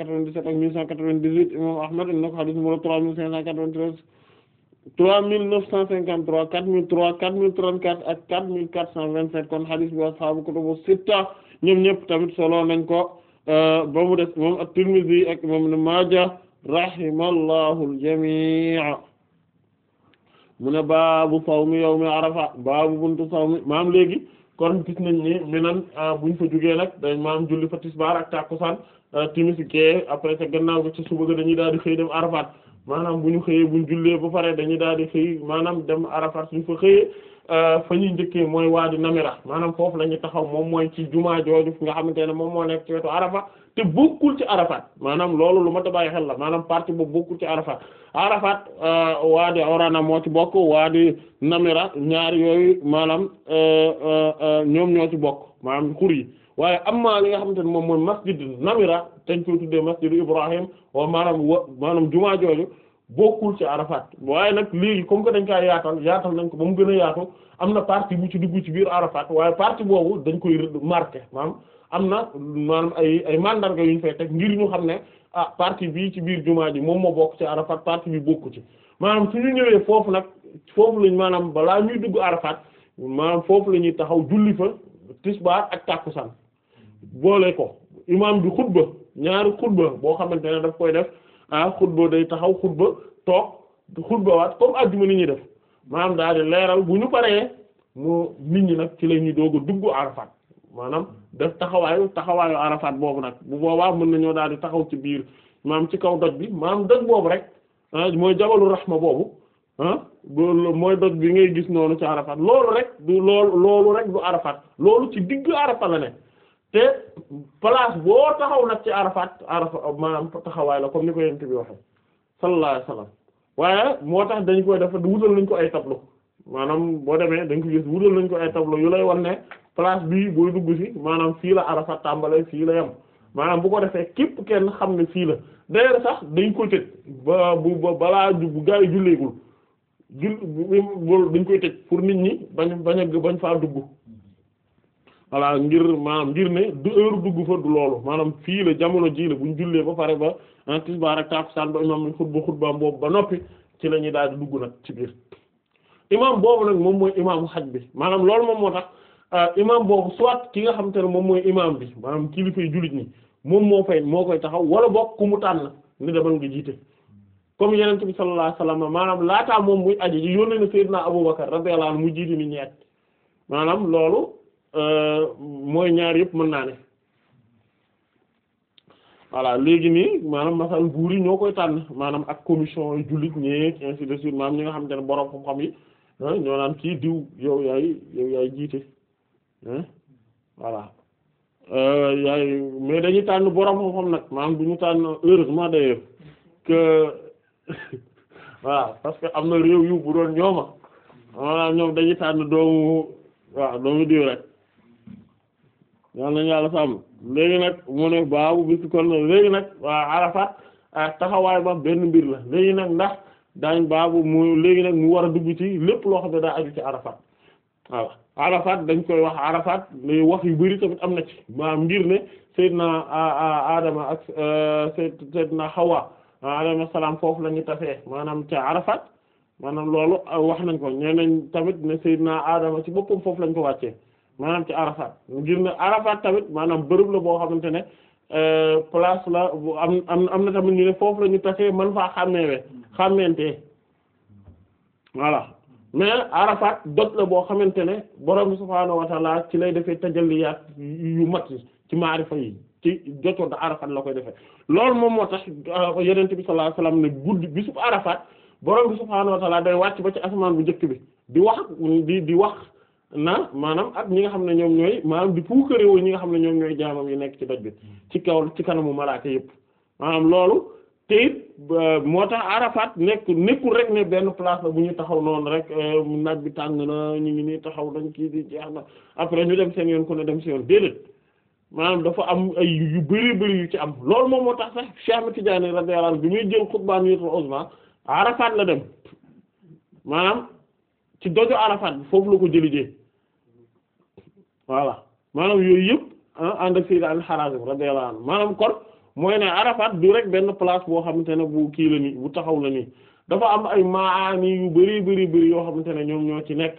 quatre-vingt-dix-sept imam Ahmad na ko xadis trois mille cent quatre-vingt-treize trois mille neuf cent cinquante-trois quatre mille trois quatre mille trente-quatre ak quatre mille quatre cent vingt-sept kon xadis bi ashaabu kutubu sitta ñoom mu ne baabu sawmi yawmi arafa baabu buntu sawmi maam léegi kon gis nañ ni minan ah, buñ fa jugee nag dañ maam julli fa tisbaar ak tàkkusaan ah, timis gee après te gannaaw gi ci suba ga dañuy daal di xëy dem arafat maanaam bu ñu xëyee buñ jullee ba pare dañuy daal di xëy maanaam dem arafat suñ fa xëyee ah, fa ñuy njëkkee mooy waadi namira maanaam foofu la ñuy taxaw moom mooy ci jumaa jooju nga xamante ne moom moo nekk ci wetu arafa te bokkul ci Arafat maanaam loolu lu ma ta bàyyi xel la maanaam partie boobu bokkul ci Arafat Arafat euh, waadi Orana moo ci bokk waadi Namira ñaar yooyu maanaam euh, euh, ñoom ñoo ci bokk maanaam xur yi waaye amma li nga xamante ne moom mooy masjid Namira dañ koy tuddee masjid Ibrahim wa maanaam wa maanaam jumaa jooju bokkul ci Arafat waaye nag léegi comme que dañ kaa yaatal yaatal nañ ko ba mu gën a yaatu am na partie bu ci dugg ci biir Arafat waaye parti boobu dañ koy marqué maanaam am na maanaam ay ay mandarga yu ñu fay teg ngir ñu xam ne ah partie bii ci biir jumaa ji moom moo bokk ci Arafat partie bi bokku ci maanaam su ñu ñëwee foofu nag foofu lañ maanaam balaa ñuy dugg Arafat maanaam foofu la ñuy taxaw julli fa tisbaar ak tàkkusaan boole ko imaam bi xutba ñaari xutba boo xamante ne daf koy def ah xutba day taxaw xutba toog xutba waat comme àjjuma ni ñuy def maanaam daal di leeral bu ñu paree mu nit ñi nag ci la ñuy doog a dugg maanaam def taxawaayu taxawaayu arafat boobu nag bu boobaa mën nañoo daal di taxaw ci biir maam ci kaw doj bi maam doj boobu rek ah, mooy jabalu raxma boobu ah mooy doj bi ngay gis noonu ci arafat loolu rek du loolu loolu rek du arafat loolu ci digg arafat la ne te place boo taxaw nag ci arafat arafat maanaam taxawaay la comme ni ko yent bi waxe sallallahu alayhi waaye moo tax dañ koy def wutal nañ ko ay tableau maanaam boo demee dañ ko gis wutal nañ ko ay tableau yu lay place bii booy dugg si maanaam fii la Arafa tàmbale fii la yem maanaam bu ko defee képp kenn xam ne fii la d'ailleurs sax dañ koy tëj ba bu balaa bu gaa yi julleegul jul loolu dañ koy tëj pour nit ñi bañ bañ a bañ faa dugg voilà ngir maanaam ngir ne du dugg fa du loolu maanaam fii la jamono jii la buñ jullee ba pare ba ah tisbaar ak tàkkusaan ba imaam xutba xutbaam boobu ba noppi ci la ñuy daal dugg nag ci biir imaam boobu nag moom mooy imaamu xaj bi maanaam loolu moom Euh, imaam boobu soit ki nga xamante ne moom mooy imaam bi maanaam kilifay jullit ñi moom moo fay moo koy taxaw wala bokk ku mu tànn ni demal nga jiite comme yenente bi sallallahu alayhi maanaam laataa moom muy aji ji yónnee mu jiite nit ñi maanaam loolu euh, mooy ñaar mën naa ne voilà léegi nii maanaam masal buur yi ñoo koy tànn maanaam ak commission yu jullit ñeeg ainsi de suite maanaam ñi nga xamante ne borom xam yi ah, ñoo naan kii diw yow yaay yow yaay jiite Hmm? voilà euh, yaay mais dañuy tànn borom xam-xam nag maanaam bu ñu tànn heureusement d'ailleurs que voilà parce que am na réew yu bu doon ñooma maanaam ñoom dañuy tànn doomu waaw doomu diw rek yal nañu yàlla sàmm léegi nag mu ne baabu bisu kon léegi nag waa Arafat ak ah, taxawaay ba benn mbir la léegi nag ndax daañ baabu mu léegi nag mu war a dugg ci lépp loo xam ne daa aju ci Arafat waaw Arafat dañ koy wax Arafat lay wax yu bari tamit am na ci maanaam mbir ne na Adama ak euh, na Hawa alayhi salaam foofu la ñu tafee maanaam ca Arafat maanaam loolu euh, wax nañ ko ñeneen tamit ne Seydina Adama ci boppam foofu lañ ko wàccee maanaam ci Arafat ngir ne Arafat tamit maanaam bërëb la boo xamante ne euh, place la bu am na tamit ñu ne foofu la ñu tafee man faa xàmmeewe xàmmeentee voilà mais Arafat doj la boo xamante ne borom subhaanahu wa taala ci lay defee tajalliyaat yu mat ci maarifa yi ci jotoon da Arafat la koy defee loolu moom moo tax euh, yonent bi sallallahu alayhi wasallam ne guddi bisub Arafat borom bi subhaanahu wa taala day wàcc ba ci asamaan bu njëkk bi di wax di wax na maanaam ak ñi nga xam ne ñoom ñooy maanaam di puukkëréwoo ñi nga xam ne ñoom ñooy jaamam yi nekk ci doj bi ci kaw ci kanamu malaaka yépp maanaam loolu te euh, moo tax Arafat nekk nekkul rek ne benn place la bu ñu taxaw noonu rek euh, naaj bi tàng na ñu ngi nii taxaw dañ kii di jeex na après ñu dem seen yoon ku ne dem seen yoon déedéet maanaam dafa am ay yu bari bari yu ci am lool moom moo tax sax Cheikh Ahmed Tidiane radiyallahu anhu bi muy jël xutbaan nitul uzma Arafat la dem maanaam ci dojo Arafat foofu la ko jëlijee voilà maanaam yooyu yëpp ah, ànd ak Sayyid al-Harazim radiyallahu anhu maanaam kon mooy ne Arafat du rek benn place boo xamante ne bu kii la nii bu taxaw la nii dafa am ay maani yu bari bari bari yoo xamante ne ñoom ñoo ci nekk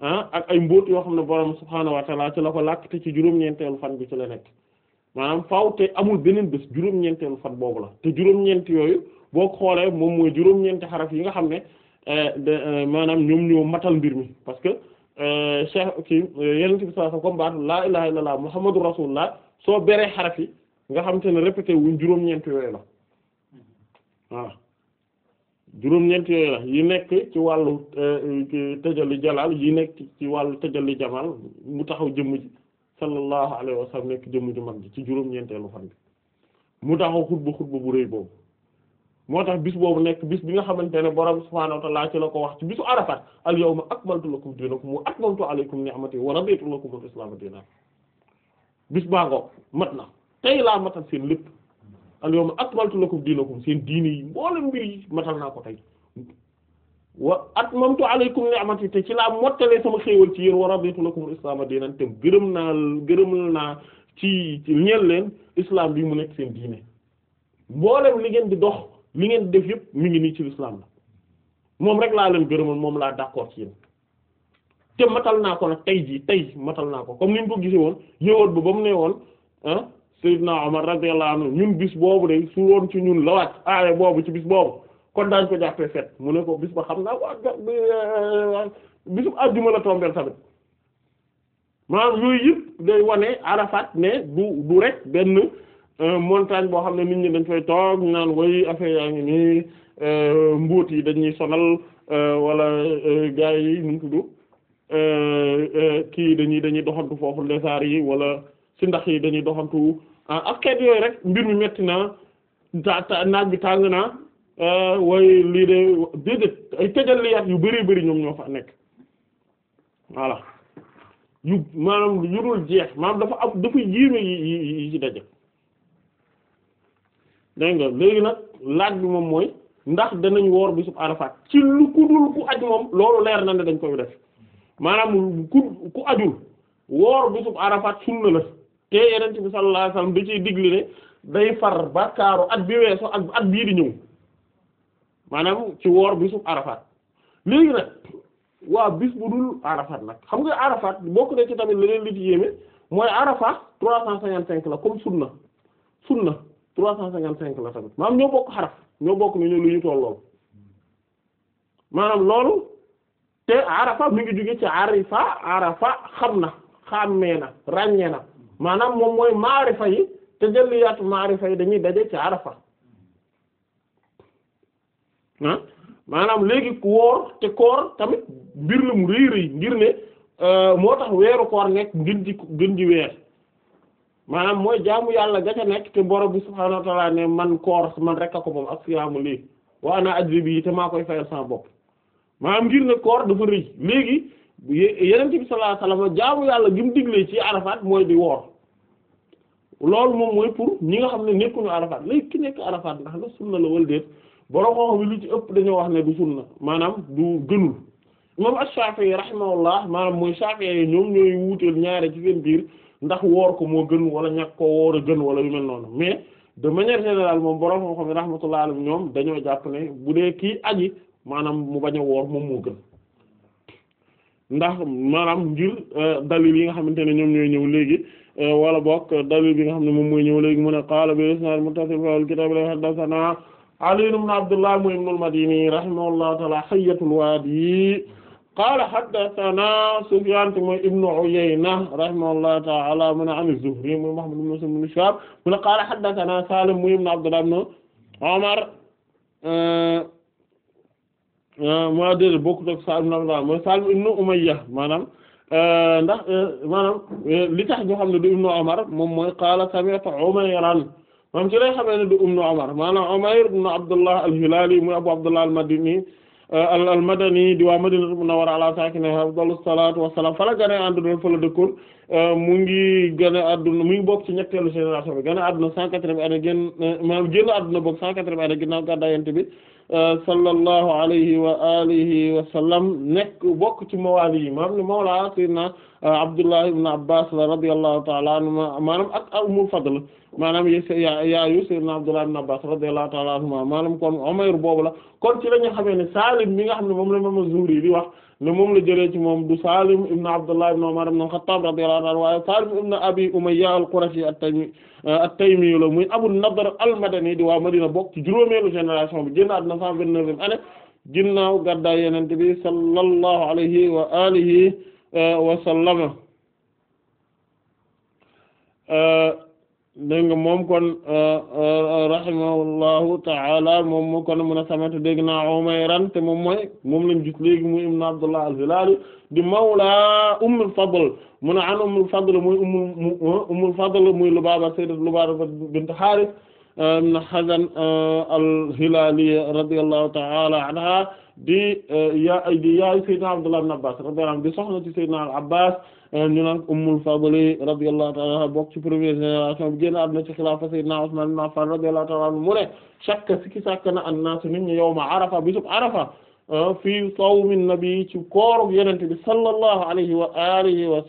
ah ak ay mbóot yoo xam ne borom subhaanahu wa ta'ala ci la ko làkk te ci juróom-ñeenteelu fan bi ci la nekk te amul beneen bés juróom-ñeenteelu boobu la te juróom-ñeent yooyu boo xoolee moom mooy juróom-ñeenti xaraf yi nga xam ne eh, eh, maanaam ñoom ñoo matal mbir mi parce que eh, cheikh ki yeneen bi sallallahu alayhi wa sallam baatu laa ilaha illallah muhammadu rasulullah soo beree xaraf yi nga xam te ne répété wuñ juróom-ñeent yooyu la mm-hmm. waaw juróom-ñeent yooyu la yi nekk ci wàllu eh, eh, tëjali jalaal yi nekk ci wàllu tëjali jamaal mu taxaw jëmm ji sallallahu alayhi wa sallam nekk jëmm ju mag ji ci juróom-ñeenteelu fan bi mu taxaw xutba xutba bu rëy boobu moo tax bis boobu nekk bis bi nga xamante ne borom subhaanahu wa ci la ko wax ci bisu Arafat al yawma akmaltu lakum diinakum wa atmamtu alaykum ni'mati wa raditu lakum al islaama diinan mat na tey laa matal seen lépp al yawma akmaltu lakum diinakum seen diine yi mboolem mbir yi matal naa ko tey wa atmamtu alaykum ni'mati te ci laa mottalee sama xéewal ci yéen wa raditu lakum islaama diinan te gërëm naa gërëm naa ci ci ñeel leen islam bi mu nekk seen diine mboolem li ngeen di dox li ngeen di def yëpp mi ngi nii ci l'islam la moom rek laa leen gërëmal moom laa d'accord ci yéen te matal naa ko nag tey jii tey matal naa ko comme ni ko gisee woon yëwoot bu ba mu nee woon ah, Seydina Omar radiyallahu anhu ñun bis boobu de su woon ci ñun la aaye boobu ci bis boobu kon daañ ko jàppee fet mu ne ko bis ba xam naa waa bisu àjjuma la tombeel tamit maanaam yooyu yëpp day wane Arafat ne du du rek benn euh, montagne boo xam ne nit ñi dañ fay toog naan way affaire yaa ngi nii euh, mbóot yi dañuy sonal euh, wala gars yi nu mu kii dañuy dañuy doxantu foofu lesaar yi wala si ndax yi dañuy doxantu ah ak xeet yooyu rek mbir mi metti na ta ta naaj bi tàng naa ah, waaye lii de déedéet ay tajalliyaat yu bëree bëri ñoom ñoo fa nekk voilà yu maanaam yu dul jeex maanaam dafa am dafa yéeme yi yi ci daje dégg léegi nag laaj bi moom mooy ndax danañ woor bisub Arafat ci lu ku dul ku aj moom loolu leer na ne dañ koy def maanaam ku ku ajul woor bisub Arafat sunna la te yenent bi sallallahu alayhi wasallam da ciy digli ne day far bàkkaaru at bi weesu ak at bii di ñëw maanaam ci woor bisu Arafat léegi nag waa bis bu dul Arafat nag xam nga Arafat bokk de ci tamit leneen li ci yéeme mooy Arafat trois cent cinquante cinq la comme sunna na trois cent cinquante cinq la tamit maanaam ñoo bokk xaraf ñoo bokk ni ñu lu ñu toll lool maanaam loolu te Arafa mi ngi jóge ci Arifa Arafa xam na xàmmee na ràññee na maanaam moom mooy maarifa yi te jëlliyaatu maarifa yi dañuy daje ci arafa maanaam léegi woor te koor tamit mbir la mu rëy rëy ngir ne euh, moo tax weeru koor nekk ngën ji weer maanaam mooy jaamu yàlla ga ca nekk te borom bi subhaanahu wa ne man koor man rek a moom ak siyaamu lii wa ana ajri bi te maa koy fayal sama bopp maanaam ngir ne koor dafa rëy léegi yeneen bi sallallahu alayhi wasallam jaamu yàlla gi ci Arafat mooy di woor loolu moom mooy pour ñi nga xam ne nekkuñu Arafat léegi ki nekk Arafat ndax la sunna la wala déet borom xam bi lu ci ëpp dañoo wax ne du sunna maanaam du gënul imam Ash-Shafi'i rahimahullah maanaam mooy Shafi'i ñoom ñooy wuuteel ñaare ci biir ndax woor ko moo gën wala ñàkk ko woor a gën wala yu mel noonu mais de manière générale moom borom xam-xam ne rahmatullah alayhi ñoom dañoo jàpp ne bu dee kii aji maanaam mu bañ a woor moom moo gën ndax maanaam ngir euh, dalil yi nga xamante ne ñoom ñooy ñëw léegi euh, wala bokk dalil bi nga xam ne moom mooy ñëw léegi mu ne qaala bi isnaad muttasil fi al-kitaab la haddasanaa Ali ibn Abdullah mu ibn al-Madini rahimahullahu ta'ala hayyatul waadi qaala haddasanaa Sufyaan mooy ibn Uyayna rahimahullahu ta'ala mu ne an az-Zuhri mooy Muhammad ibn Muslim ibn Shihaab mu ne qaala haddasanaa Saalim mu ibn Abdullah ibn Umar euh, Euh, maa déedéet de ak Salim ibn Abdullah mooy Salim ibn Umayya maanaam euh, ndax euh, maanaam li tax ñu xam ne du Ibnu Umar moom mooy qaala sami'tu Umayran moom ci lay xamee ne du Ibnu maanaam Umayr ibn Abdullah al-Hilali muy Abu Abdullah al-Madini al di waa Madinatul Munawwara ala saakinihaa afdalu salaatu wa salaam fa la gane àdduna fa la dëkkoon mu ngi gane àdduna mu ngi bokk ci ñetteelu génération bi gane àdduna 180 at génn maanaam génn àdduna bokk 180 at ginnaaw gàddaay Yonent bi sallallahu alayhi wa alihi wa sallam nekk bokk ci mawaali yi maanaam ne mawla sayyidina uh, Abdullah ibn Abbas la radiyallahu ta'ala anhuma maanaam ak Ummul Fadl maanaam yaayu sayyidina Abdullah ibn Abbas radiyallahu ta'ala anhuma maanaam kon Umayr boobu la kon ci la ñu xamee ne Saalim mi nga xam ne moom la Imaam Az-Zuhri di wax ne moom la jëlee ci moom du Salim ibn Abdullah ibn Umar ibn Abi Umayya al-Qurashi at-Taymi at muy Abu Nadr al-Madani di waa Madina bokk ci juróomeelu génération bi génnaat na cent vingt-neuvième année ginnaaw gàddaay Yonent bi sallallahu alayhi wa alihi euh, wa sallam euh, dégg nga moom kon euh, euh, rahimahullahu ta'ala moom mu kon mun a samata dégg naa Umayran te moom mooy moom lañ gis léegi muy ibn Abdullah al-Hilali di mawla Ummul Fadl mun a an Ummul Fadl muy umm Ummul Fadl muy Lubaba sayyidat Lubaba bint Harith euh, ibn Hazn al-Hilali radiyallahu ta'ala anha di eh, yaay di yaayu Seydina Abdullah ibn Abbas radiyallahu anhu di soxna ci Seydina al-Abbas eh, ñu naan Ummul Fadli radiyallahu ta'ala anha bokk ci première génération bi génn àdduna ci xilaafa Seydina Usman ibn Affan ne shakka sikki sàkk na an-naas nit ñi yawma Arafa bisub Arafa eh, fii sawmi nabi ci koorug yenente bi sallallahu alayhi wa alihi wa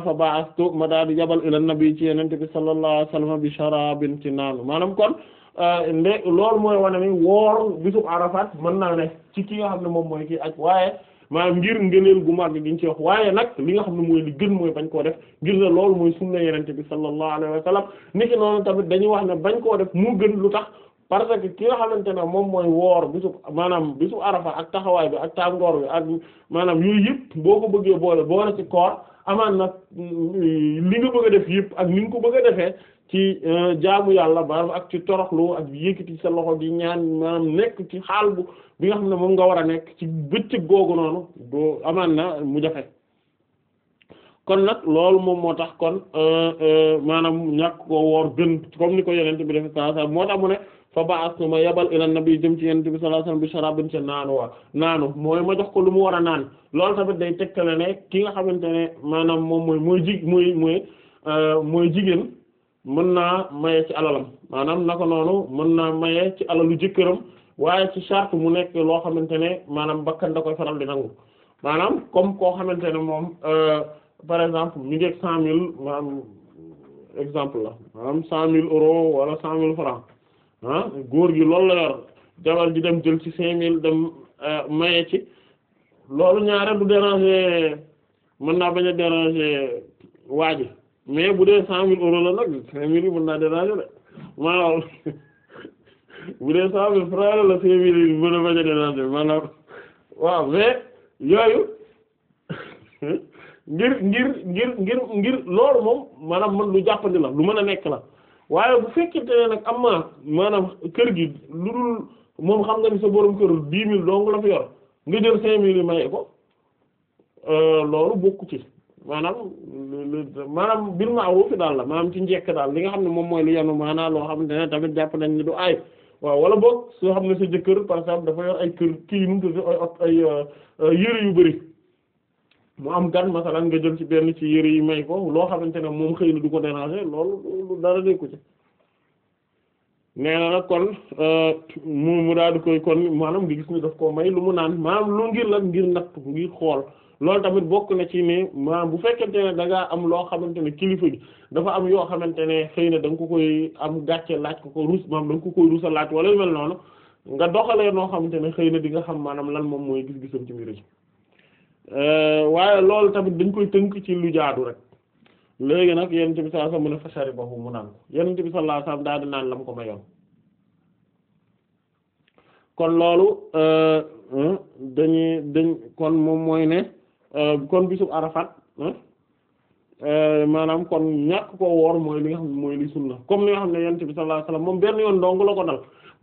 fa ba'astu ma daal jabal ila nabi ci yenente bi sallallahu alayhi wa kon Euh, nde loolu mooy wane ni woor bisub Arafat mën naa ne ci kii nga xam ne moom mooy kii ak waaye maanaam ngir ngëneel gu mag gi ñu ci wax waaye nag li nga xam ne mooy li gën mooy bañ koo def ngir ne loolu mooy sunna yenente bi sallallahu alayhi wa sallam niki noonu tamit dañuy wax ne bañ koo def mu gën lu tax parce que ki nga xamante ne moom mooy woor bisu maanaam bisu arafa ak taxawaay bi ak tàngoor bi ak maanaam yooyu yëpp boo ko bëggee boole boole ci koor amaan nag mm, li nga bëgg yëpp ak ni nga ko bëgg a defee ci euh, jaamu yàlla maanaam ak ci toroxlu ak yëkkati sa loxo di ñaan maanaam nekk ci xaal bi nga xam ne moom nga war a nekk ci bëccëg googu noonu doo amaan na mu jafe kon nag loolu moom moo tax kon euh, euh, maanaam ñàkk ko woor gën comme ni ko yonent bi def moo tax mu ne fa ba'astu ma yabal ila nabi jëm ci yonent bi sallallahu alayhi wasallam bi sharabin ca naanu waa naanu mooy ma jox ko lu mu war a naan loolu tamit day tegtale ne ki nga xamante ne maanaam moom mooy mooy ji mooy mooy mooy jigéen. mën naa maye ci alalam maanaam naka noonu mën naa maye ci alalu jëkkëram waaye ci charte mu nekk loo xamante ne maanaam bakkan koy faral di nangu maanaam comme koo xamante ne moom euh, par exemple ñu ngeeg cent mille maanaam exemple la maanaam cent mille euros wala cent mille francs ah, góor gi loolu la yor jabar ji dem jël ci cinq mille dem euh, maye ci loolu ñaare du déranger mën naa bañ a déranger waa mais bu dee cent mille euros la nag cinq mille yi mën naa déranger de maanaam waaw mais yooyu ngir ngir ngir ngir ngir loolu moom maanaam man lu jàppandi la lu mën a nekk la waaye bu fekkente ne nag am na maanaam kër gi lu dul moom xam nga ni sa borom kër dix mil dong la fi yor nga jël cinq mille yi maye ko euh, loolu bokku ci maanaam maanaam bil ma'ruf daal la maanaam ci njekk daal li nga xam ne moom mooy lu yanu maanaam loo xamante ne tamit jàpp nañ ni du aay waaw wala boo soo xam ne sa jëkkër par exemple dafa yor ay kër kii num tudd ay yëre yu bari mu am gan masalan nga jël ci benn ci yëre yi may ko loo xamante ne moom xëy na du ko déranger loolu dara nekku ci nee na kon euh, mu mu daal di koy kon maanaam nga gis ne daf koo may lu mu naan maanaam lu ngir la ngir natt ngir xool loolu tamit bokk na ci ne maanaam bu fekkente ne da ngaa am loo xamante ne kilifa gi dafa am yoo xamante ne xëy na da nga ko koy am gàcce laaj ko ko rus maanaam da ko koy rusa laaj wala mel noonu nga doxalee noo xamante ne xëy na di nga xam maanaam lan moom mooy gis-gisam ci mbir yi euh, waaye loolu tamit dañ koy tënk ci lu jaadu rek léegi nag yonent bi sallallahu alayhi wasallam mu ne fasari ba mu naan ko yonent bi sallallahu alayhi wasallam di naan lam ko mayoon kon loolu euh, hmm, dañuy dañ kon moom mooy ne. Euh, kon bisub arafat euh, maanaam kon ñàkk koo woor mooy li nga xam mooy li sunna comme li nga xam ne yonent bi sallallahu alayhi wasallam moom benn yoon dong ko dal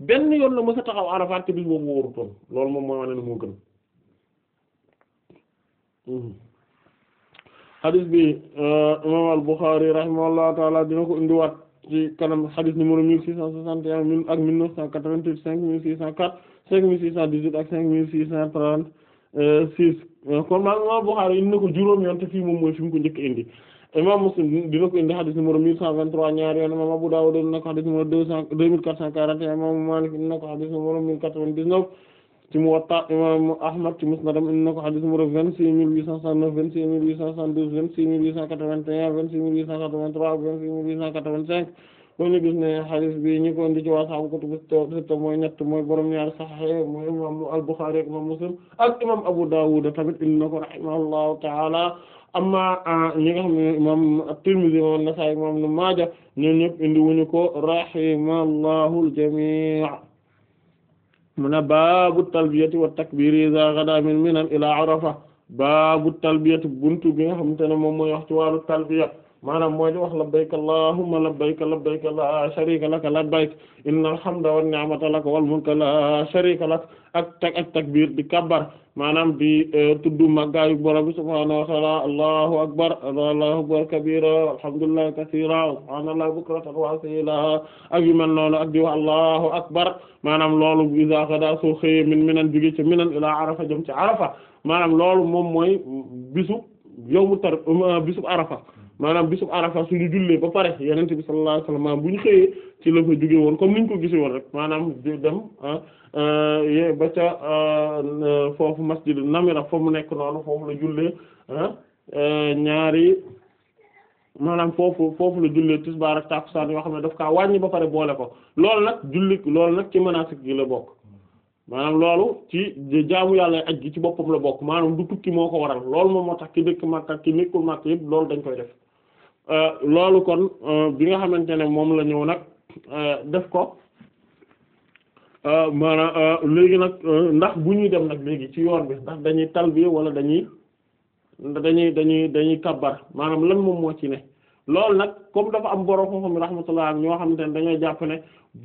benn yoon la mësa taxaw arafat te bis boobu wóorutoon loolu moom mooy wane ne moo gën xadis hmm. bi euh, imaam al-Bukhari rahimahullahu taala dina ko indiwaat ci kanam xadis numéro mille six cent soixante et un ak mille cent quatre-vingt-cinq mille six cent quatre cinq mille six cent dix-huit ak cinq mille six cent trente six kon maa imam Bukhari indi na ko juróom yoon te fii moom ko njëkk indi imam Muslim dina ko indi hadith numéro mille cent vingt-trois ñaari yoon imam Abu Dawud dina ko hadith numéro deux cent deux mille quatre cent quarante et un imam ko hadith numéro mille quatre-vingt-dix-neuf ci imam Ahmad ci Musnadam indi ko hadith numéro vingt-six mille huit cent soixante vingt-six mille huit cent soixante vingt-six mille huit cent quatre vingt six mille huit cent quatre vingt six mille huit kon ñu gis ne hadis bi ñi ko indi ci waa sahabu kutubu sitta mooy ñett mooy borom ñaari sahih mooy imam al-Bukhari ak Muslim ak imam Abu Dawud tamit indi na ko rahimahullahu ta'ala amma ñi nga xam ne imam at-Tirmidhi imam an-Nasa'i ko rahimallahu al-jami' mu ne baabu talbiyati wa takbiri iza ghada min minan ila arafa baabu talbiyati buntu bi nga xamante ne moom mooy wax ci wàllu talbiya maanaam mooy di wax labbayk allahumma labbayk labbayk la sharika laka labbayk innal hamda wan ni'mata laka wal mulka la sharika lak ak tak ak takbir di kabbar maanaam di e, tudd màggaayu borom bi subhaanahu wa ta'ala allahu akbar allahu akbar kabira alhamdulillahi kaseera subhaanallahi bukratan wa asiila ak yu mel noonu ak di wax allahu akbar maanaam loolu iza xada soo xëyee min minan jóge ci minan ilaa arafa jëm ci arafa maanaam loolu moom mooy bisu yawmu tar um, bisub arafa maanaam bisub arafa suñu jullee ba pare yenente bi sallallahu alayhi wasallam bu ñu xëyee ci la fa jóge woon comme niñ ko gise woon rek maanaam dem ah, ah, y ba ca ah, foofu masjid namira fa mu nekk noonu foofu la jullee ñaari maanaam foofu foofu la jullee tisbaar ak takusaan yoo xam ne daf kaa wàññi ba pare boole ko loolu nag julli loolu nag ci manasik gi la bokk maanaam loolu ci jaamu yàlla aj gi ci boppam la bokk maanaam du tukki moo ko waral loolu moom moo tax ki dëkk Makka ki nekkul Makka loolu dañ koy def Euh, loolu kon euh, bi nga xamante ne moom la ñëw nag euh, def ko maanaam léegi nag ndax bu ñuy dem nag léegi ci yoon bi ndax dañuy talbiya wala dañuy dañuy dañuy dañuy kabbar maanaam lan moom moo ci ne loolu nag comme dafa am borom xam-xam yi rahmatullah ñoo xamante ne dañoo jàpp ne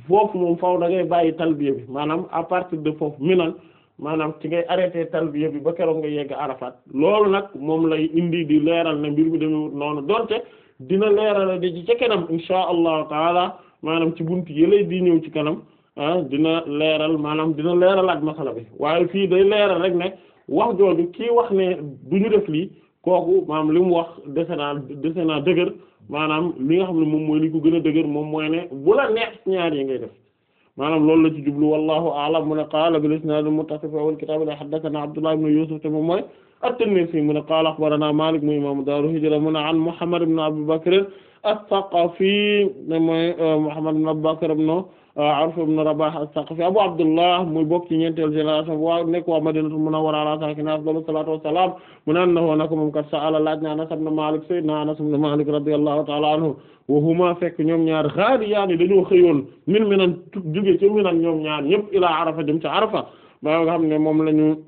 foofu moom faw da ngay bàyyi talbiya bi maanaam à de foofu minan maanaam ci ngay arrêté talbiya bi ba keroog nga yegg Arafat loolu nag moom lay indi di leeral ne mbir mi demewut noonu donte. dina leeral di ci ca kanam insha allahu taala maanaam ci bunt yëlay di ñëw ci kanam ah, dina leeral maanaam dina leeralaat masala bi waaye fii day leeral rek ne wax jooju kii wax ne du ñu def lii kooku maam li mu wax dese naa dese naa dëgër maanaam li nga xam ne moom mooy li ko gën a dëgër moom mooy ne bu la neex ñaar yi ngay def maanaam loolu la ci jublu wallahu a'lam mu ne qaala bil isnaad al muttasil fi awwal kitaab la haddathana Abdullah ibn Yusuf te moom mooy at-Tinnisi mu ne qaala akhbaranaa Maalik mu imaamu daaru hijra mu ne an Muhammad ibn Abi Bakr as-Saqafi mooy euh, Muhammad ibn Abi Bakr ibn euh, Awf ibn Rabah as-Saqafi Abu Abdullah muy bokk ci ñeenteel génération waa nekk waa Madinatul Munawwara ala saakinihaa afdalu salaatu wa salaam mu ne annahu naka moom kat sa'ala laaj na Anas ibn Maalik sayyidinaa Anas ibn Maalik radiyallahu ta'ala anhu wa humaa fekk ñoom ñaar ghaadiyaani dañoo xëyoon min Minan jóge ci Minan ñoom ñaar ñëpp ilaa Arafa jëm ci Arafa ba nga xam ne moom lañu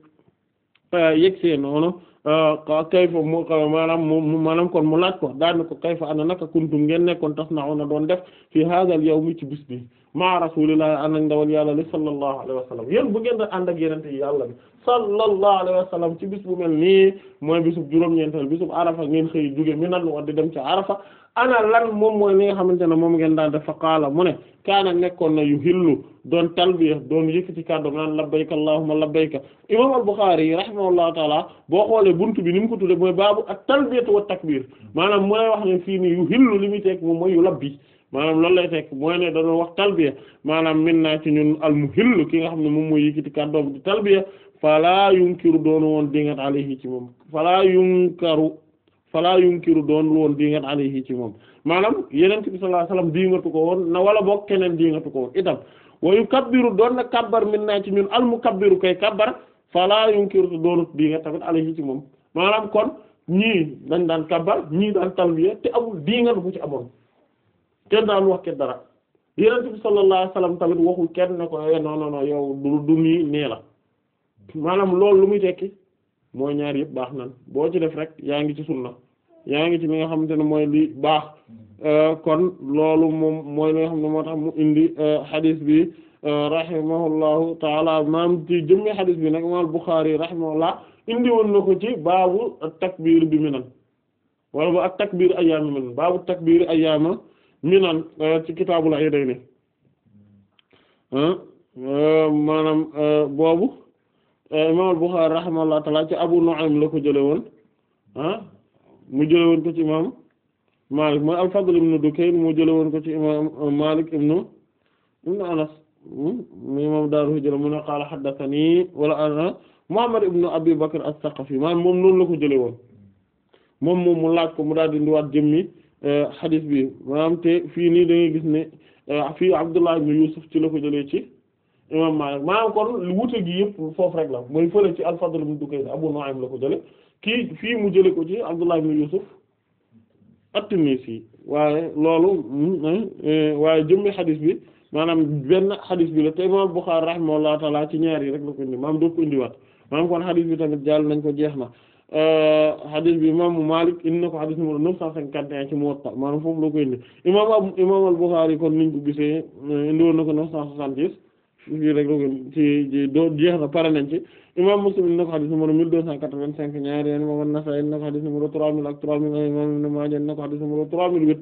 Eh, yegsee noonu eh, kayfa mu maanaam mu maanaam kon mu laaj ko daan ko kayfa ana naka kuntum ngeen nekkoon tasna'una doon def fii haazal yawmi ci bis bi ma rasuulillahi ànd ak ndawal yàlla li sallallahu alayhi wa sallam yéen bu ngeen da ànd ak yenente yi yàlla bi sallallahu alayhi wa sallam ci bis bu mel nii mooy bisub juróom-ñeenteel bisub arafa ngeen xëy jóge mi nan wax di dem ci arafa ana lan moom mooy li nga xamante ne moom ngeen daan def fa qaala mu ne kaana nekkoon na yu hillu doon talbiya doon yëkkati kàddu naan labbayka allahumma labbayka imam al-Bukhari yi rahimahullahu taala boo xoolee buntu bi ni mu ko tudde mooy baabu ak talbiyatu wa takbir maanaam mu wax ne fii yu hillu li muy teg moom mooy yu labbi maanaam loolu lay fekk mooy ne wax talbiya maanaam min naa ci nga xam ne moom mooy yëkkati kàddoom di talbiya fala yunkiru doonu woon dingat alayhi ci moom fala yunkaru fala yunkiru doon woon dingat alayhi ci moom maanaam yenent bi sallallahu alayhi wasallam ko woon na wala boog keneen dingatu ko woon itam wayu kabbiru doon na kabbar min naa ci ñun al mukabbiru kay kabbar fala yunkiru doonu dingat tamit alayhi ci moom maanaam kon ñii dañ daan kabbar ñii daan talbiya te amul dingat bu ci amoon kenn daan wax kenn dara yenent bi sallallahu alayhi wasallam tamit waxul kenn ne ko eh, non non non du du nii nee la maanaam loolu lu muy tekki mooy ñaar yëpp baax nan boo ci def rek yaa ngi ci sunna yaa ngi ci li nga xamante ne mooy li baax euh, kon loolu moom mooy li nga xam moo tax mu indi hadith euh, bi euh, rahimahullahu taala maam ci jëmmi hadith bi nag imaam Bukhari rahimahullah indi woon na ko ci baabu takbir bi minan wala ba ak takbir ayyaama minan baabu takbir ayyaama minan ci kitaabul iidayni maanaam boobu Euh, imam al-Bukhari rahimahullah taala ci Abu Nu'aym la ko jële woon ah mu jële woon ko ci imam Malik mooy al-Fadl mu jële woon ko ci imam Malik ibn ibn Anas mi hmm, moom daaru hijra mu ne qaala haddathani wala ana Muhammad ibn Abi Bakr as-Saqafi maanaam moom noonu la ko jële woon moom moom mu laaj ko mu daal di ndiwaat jëmmi xadis euh, bi maanaam te fii ni da ngay gis ne euh, fii Abdullah ibn Yusuf ci la ko jëlee ci imam Maalik maanaam kon lu wute gi yëpp foofu rek la mooy fële ci al-Fadl ibn Dukays Abu Nu'aym la ko jële kii fii mu jële ko ci Abdullah ibn Yusuf at-Tinnisi waaye loolu mm, eh, eh, waaye jëmmi xadis bi maanaam benn xadis bi la te imam Bukhari rahimahullahu ta'ala ci ñaar yi la ko indi maanaam doo ko indi waat maanaam kon xadis bi tamit jàll nañ ko jeex na euh, xadis bi imaamu Malik indi na ko xadis numéro 951 ci foofu la ko indi imam imam al-Bukhari kon niñ ko gisee eh, indi na ko 966 fii rek la ci ci doo jeex na pare nañ ci imam Muslim na ko xadis numéro mille deux cent quatre-vingt-cinq ñaari yoon imam An-Nasa'i na ko xadis numéro trois mille ak trois mille imam Ibn Maaja ko xadis numéro trois mille huit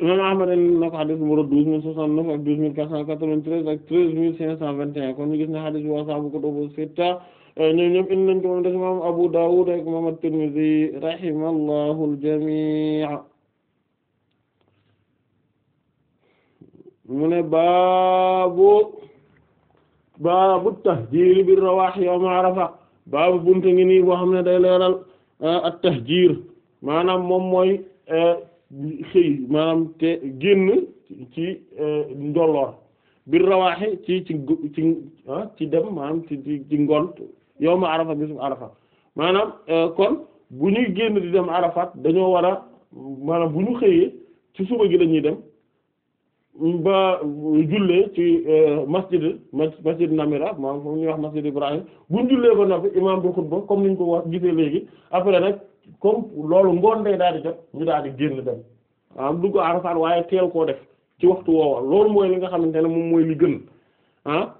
imam Ahmad na ko xadis numéro douze mille soixante-neuf ak douze mille quatre cent quatre vingt ak treize mille ne xadis wa sahaabu kutubu sitta euh, ñoom ñoom indi nañ ko moom des Abu Dawud ak imam At-Tirmidhi rahimallahu mu ne baabu baabu tahjiir bi rawaax yawma arafa baabu bunte ngi nii boo xam ne day leeral eh, ak tahjiir maanaam moom mooy eh, xëy maanaam te génn ci eh, njolloor bi rawaaxi ci ci ci ah, ci dem maanaam ci ci ngont yawma arafa bisum arafa maanaam kon bu ñuy génn di dem arafat dañoo war a maanaam bu ñu xëyee ci suba gi lañuy dem ba jullee ci euh, masjid masjid Namira maanaam fu ñuy wax masjid Ibrahim bu ñu jullee ba noppi imaam bi xutba comme ni ñu ko wax gisee léegi après nag comme loolu ngoon day daal di jot ñu daal di génn dem ah, maanaam dugg Arafat waaye teel koo def ci waxtu woowa loolu mooy li nga xamante ne moom mooy li gën ah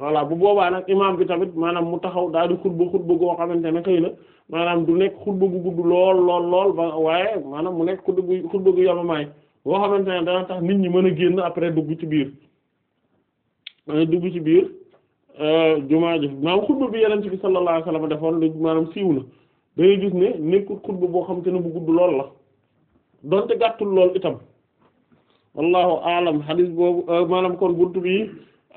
voilà bu boobaa nag imaam bi tamit maanaam mu taxaw daal di xutba xutba goo xamante ne xëy na maanaam du nekk xutba gu gudd lool lool lool waaye maanaam m nekk xutba gu xutba gu yamamaay boo xamante ne dana tax nit ñi mën a génn après dugg ci biir dugg ci biir euh, jumaa ji maanaam xutba bi yeneen ci bi sallallahu alayhi wasallam defoon lu maanaam siiw na da gis ne nekkul xutba boo xam te ne bu gudd lool la donte gàttul lool itam wallahu alam hadith boobu euh, maanaam kon buntu bi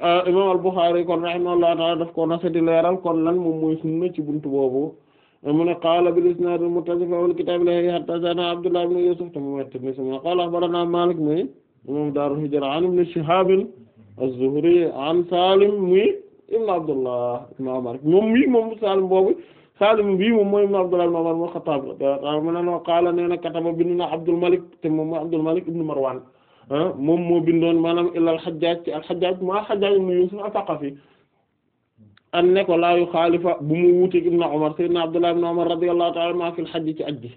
euh, imam al Bukhari kon rahimahullahu laa daf ko na di leeral kon lan moom mooy sunna ci bunt boobu mu ne qaala bil isnaad al-muttasil fi awwal kitaab ilayhi haddathanaa Abdullah ibn Yusuf te moom at-Tinnisi mu ne qaala akhbaranaa Maalik muy moom daaru hijra an ibn Shihaab az-Zuhri an Saalim muy ibn Abdullah ibn Umar moom mii moom Saalim boobu Saalim bii moom mooy ibn Abdullah ibn Umar al-Khattaab mu ne noo qaala nee na kataba bind na Abdul Malik te moom mooy Abdul Malik ibn Marwan ah, moom moo bindoon maanaam illa al-Hajjaaj ci al-Hajjaaj ma al-Hajjaaj ibn Yusuf as-Saqafi an ne ko laayu xaalifa bu mu wuuteeg ibn Umar sayyidina Abdullah ibn Umar radiyallahu ta'ala ma fil hajj ci aj ji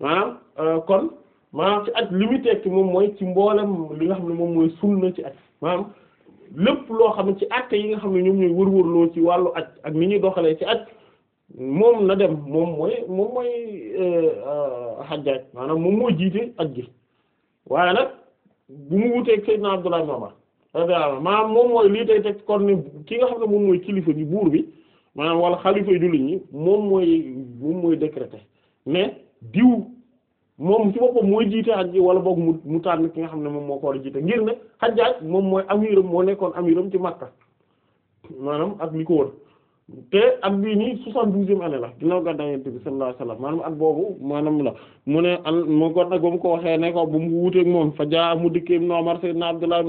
maanaam ah, euh, kon maanaam ci aj li muy tekki moom mooy ci mboolem li nga xam ne moom mooy sunna ci aj maanaam lépp loo xam ne ci acte yi nga xam ne ñoom ñooy wërwërloo ci wàllu aj ak ni ñuy doxalee ci aj moom na dem moom mooy moom mooy euh, maanaam moom moo jiite ak gi waaye nag bu mu wuteeg sayyidina Umar radiyallahu maanaam moom mooy lii day teg kon ni ki nga xam ne moom mooy kilifa bi buur bi maanaam wala xalifa jullit ñi moom mooy moom mooy décréter mais diw moom ci boppam mooy jiite ak wala boog mu mu tànn ki nga xam ne moom moo ko war a jiite ngir ne Hajjaj moom mooy amiram moo nekkoon amiram ci Makka maanaam ak li ko woon te at bii nii soixante-douzième année la ginnaaw gàddaay Yonent bi sallallahu alayhi wasallam maanaam at boobu maanaam la mu ne an mu ko waxee ko mu wuuteeg moom fa jaa mu dikkee Ibn Umar sayyidina Abdullah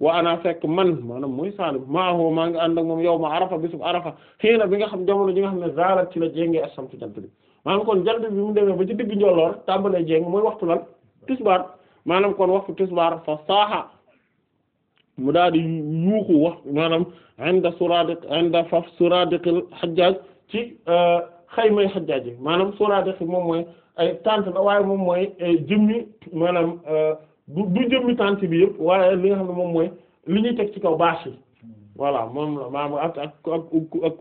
wa ana fekk man maanaam mooy Salim maaxoo maa ngi ànd ak moom yow ma arafa bisub arafa xëy na bi nga xam jamono ji nga xam ne zaalat ci la jéngee assamtu jant bi maanaam kon jant bi mu demee ba ci digg njolloor tàmbalee jéng mooy waxtu lan mu daal di yuuxu wax maanaam inda Suradiq inda faf Suradiqil Hajjaj ci euh, xaymay Hajjaj yi maanaam Suradiq moom mooy ay tante la waaye moom mooy euh, jëmmi maanaam euh, du du jëmmi tante bi yëpp waaye li nga xam ne moom mooy li ñuy teg ci kaw bâche yi voilà moom la maam ak ak ak ak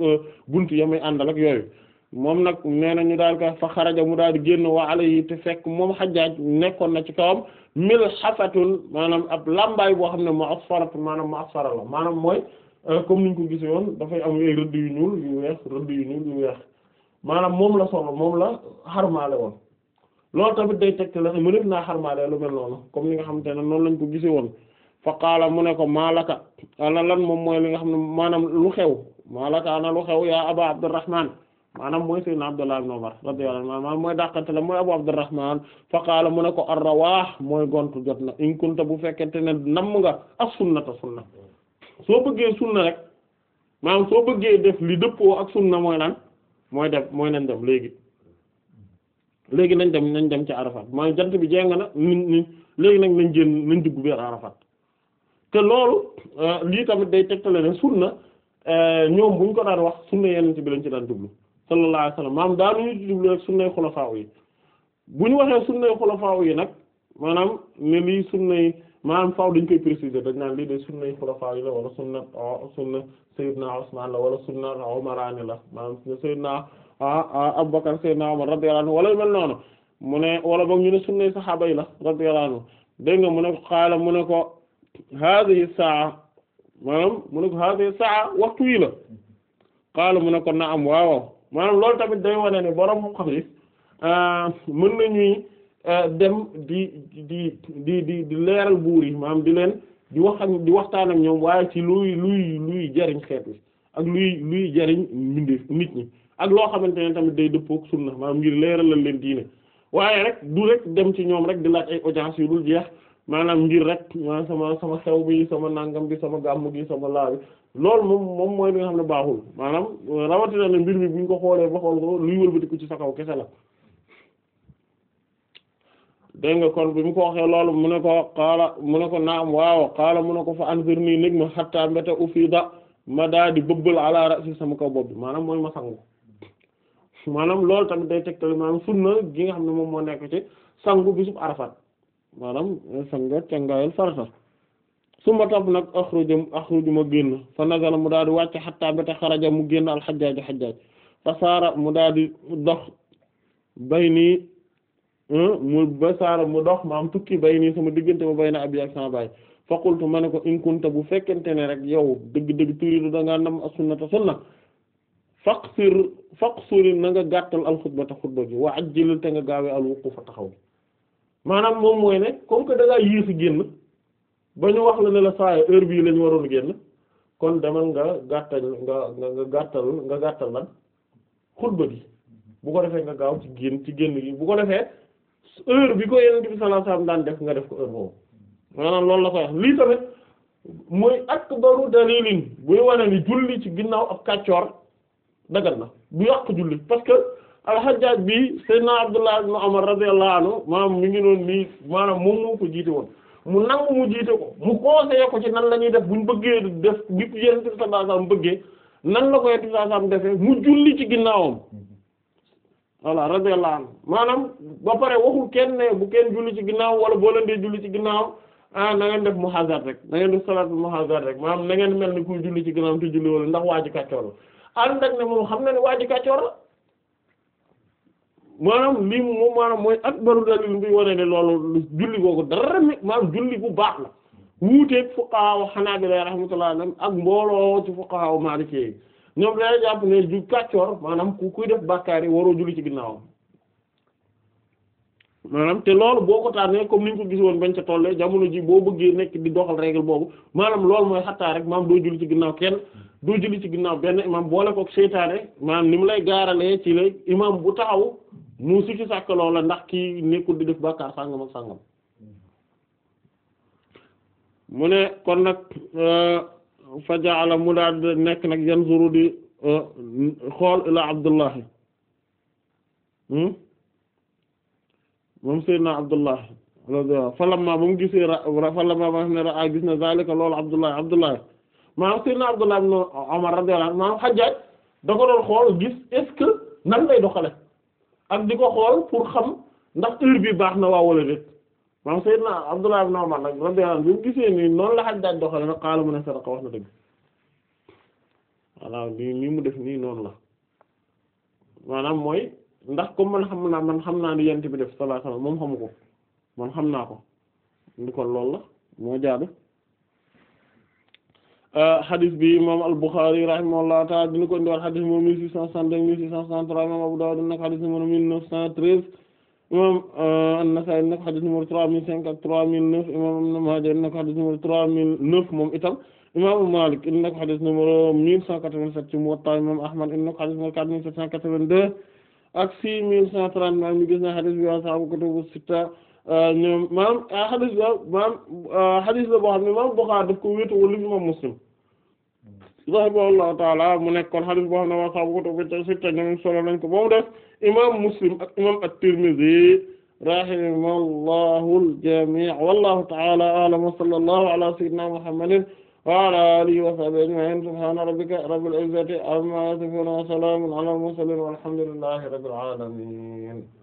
buntu ya muy àndal ak yooyu moom nag nee na ñu daal ko fa xaraja mu daal di génn waa yi te fekk moom Hajjaj nekkoon na ci kawam. milhafatun maanaam ab lambaay boo xam ne mu'asfaratun maanaam mu'asfara la maanaam mooy euh, comme niñ ko gise woon dafay am ay rëdd yu ñuul yu weex rëdd yu ñuul yu weex maanaam moom la solo moom la xarmaale woon loolu tamit day tegte la mënef naa xarmaale lu mel noonu comme ni nga xamante ne noonu lañ ko gise woon fa qaala mu ne ko maalaka ana lan moom mooy li nga xam ne maanaam lu xew maalaka ana lu xew yaa aba abdurrahman maanaam mooy sayyidina Abdullah ibn Umar radiyallahu anhu maanaam mooy dàqante la mooy Abu Abdurrahman fa mu ne ko ar-rawaah mooy gontu jot na in kunta bu fekkente ne nam nga as-sunnata sunna soo bëggee sunna rek maanaam soo bëggee def li dëppoo ak sunna mooy lan mooy def mooy nañ def léegi léegi nañ dem nañ dem ci Arafat mooy jant bi jeng na nit ñi léegi nag nañ génn nañ dugg biir Arafat te loolu euh, lii tamit day tegtale ne sunna euh, ñoom buñ ko daan wax sunna yeneen ci bi lañ ci daan dugg sallallahu alayhi wa sallam maam daanuñu di jublu rek sunnay xulafaaw yi bu ñu waxee sunnay xulafaaw yi nag maanaam ne lii sunnay maanaam faaw dañ koy préciser dañ naan lii de sunnay xulafaaw yi la wala sunna ah, sunna Seydina Usmaan la wala sunna Umaraani la maanaam sunna Seydina Abu ah, ah, Bakar Seydina Umar radiyallahu anhu wala mel noonu mu ne wala boog ñu ne sunnay saxaaba yi la radiyallahu anhu dégg nga mu ne ko xaala mu ne ko haadihi saa maanaam mu ne ko haadihi saa waxtu yi la xaala mu ne ko na am waaw maanaam loolu tamit day wane ne borom xam-xam yi euh, mën nañuy euh, dem di di di di di leeral buur yi maam di leen di wax ak di waxtaan ak ñoom waaye ci luy luy luy jariñ xeet wi ak luy luy jariñ mbindeef nit ñi ak loo xamante ne tamit day dëppook sunna maam ngir leeralal leen diine waaye rek du rek dem ci ñoom rek di laaj ay audience yu dul jeex maanaam ngir rek ma sama sama xew bi sama nangam bi sama gàmm gi sama laa bi loolu moom moom mooy li xam ne baaxul maanaam rawatina ne mbir mi bu ñu ko xoolee ba xool ko luy wëlbatiku ci sa kaw kese la dégg nga kon bi mu ko waxee loolu mu ne ko xaala mu ne ko naam waaw xaala mu ne ko fa anzirnii nigma hattaa mbéta ufiida ma daa di bëbbal ala ra'si sama kaw bopp bi maanaam mooy ma sangu maanaam loolu tamit day tegtal maanaam sunna gi nga xam ne moom moo nekk ci sangu bisub Arafat maanaam sangu cangaayal farata suma topp nag axruja axruju ma génn fa nazala mu daal di wàcc xattaa ba te xaraja mu génn alxajjaaji xajjaaj fa saara mu daal di dox bay nii hmm, mu ba saara mu dox maam tukki bay nii sama diggante ma bay na abi ak sama baay fa ma ne ko in bu fekkente ne rek yow dëgg-dëgg turidu da ngaa nam as na nga gàttal alxutbata xutba bi wa ajjil te nga gaawee alwuqufa taxaw maanaam moom mooy ne comme que da ngaa génn ba ñu wax la ne la saa heure bii lañu waroon génn kon demal nga gàttal nga nga gàttal nga gàttal lan xutba gi bu ko defee nga gaaw ci génn ci génn gi bu ko defee heure bi ko Yonent bi sallallahu alayhi daan def nga def ko heure boobu maanaam lool la koy wax lii tamit mooy akbaru dalilin buy wane ni julli ci ginnaaw ab kàccoor dagal na bu yàq julli parce que al-Hajjaj bi Seydina Abdullah ibn Umar radiyallahu anhu maanaam mi ngi noonu nii maanaam moom moo ko jiite woon mu nangu mu jiite ko mu conseillé ko ci nan la ñuy def buñ bëggee def bi yonent bi sallallahu alayhi bëggee nan la ko yonent bi sallallahu alayhi wasallam defee mu julli ci ginnaawam voilà radiyallahu anhu maanaam ba pare waxul kenn ne bu kenn julli ci ginnaawam wala boo leen dee julli ci ginnaawam ah na ngeen def muhazar rek na ngeen def salaatul muhazar rek maanaam na mel ni ku julli ci ginnaawam te julli wala ndax waa ji kàccoor la ne moom xam na ne waa ji kàccoor maanaam lii moom maanaam mooy akbaru dalil bi wane ne loolu julli googu dara mi maanaam julli bu baax la wuuteeg fuqaha hanabila rahmatullah ak mbooloo ci fuqaha maliki ñoom dañuy jàpp ne ju maanaam ku kuy yi waroo julli ci ginnaawam maanaam te loolu boo ko tànnee comme ni ñu ko gis woon bañ ca tollee jamono ji boo bëggee nekk di doxal règle boobu maanaam loolu mooy xattaa rek maam doo julli ci ginnaaw kenn doo julli ci ginnaaw benn imaam boole kook seytaane maanaam ni mu lay gaaralee ci la imaam bu taxaw mu sikki sàkk loola ndax kii nekkul di def bàkkaar sàngam ak sàngam mu ne kon nag euh, fajaala mu daal nekk nag yanzuru di euh, xool ila abdullahi hmm? moom seydna abdullahi falamma ba mu gisee ra falamma ba nga xam ne ra ah, gis na zalika loolu abdullahi abdullahi maanaam seydna abdullahi ibn Umar radiyallahu anhu maanaam Hajjaj da ko xool gis est nan lay doxale ak di ko xool pour xam ndax heure bi baax na waa wala déet maam Seydina Abdullah ibn Umar nag radiyallahu anhu bi mu gisee nii noonu la Haddad doxale nag xaala mu ne sadaqa wax na dëgg voilà nii nii mu def nii noonu la maanaam mooy ndax kom man xam naa man xam naa ni yent bi def sallallahu alayhi moom xamu ko man xam naa ko ndi lool loolu la moo jaadu Euh, hadith bi imam al-Bukhari rahimahullahu ta'ala dina ko indiwaat hadith numéro 1662 1663 imam Abu Dawud nak hadith numéro 1913 imam euh, an-Nasa'i nak hadith numéro 3005 3009 imam Ibn Majah nak hadith numéro 3009 moom itam imam Malik nak hadith numéro 1187 ci Muwatta imam Ahmad nak hadith numéro 4782 ak 6130 maa ngi gis na hadith bi wa sahabu kutubu sitta ñoom maam ah, xadis la maam ah, xadis la boo xam ne maam Buxaari daf ko wéetu wala imam Muslim rahimahullahu taala mu nekkoon xadis boo xam ne waa saabu kutubu sitta ñoom solo nañ ko ba mu def imam Muslim ak imam at-Tirmidhi rahimahullahu al-jami' wallahu taala a'lam wa sallallahu ala sayyidina Muhammadin wa ala alihi wa sahbihi ajma'in subhana rabbika rabbil izzati amma yasifun wa salamun ala al-mursalin walhamdulillahi rabbil alamin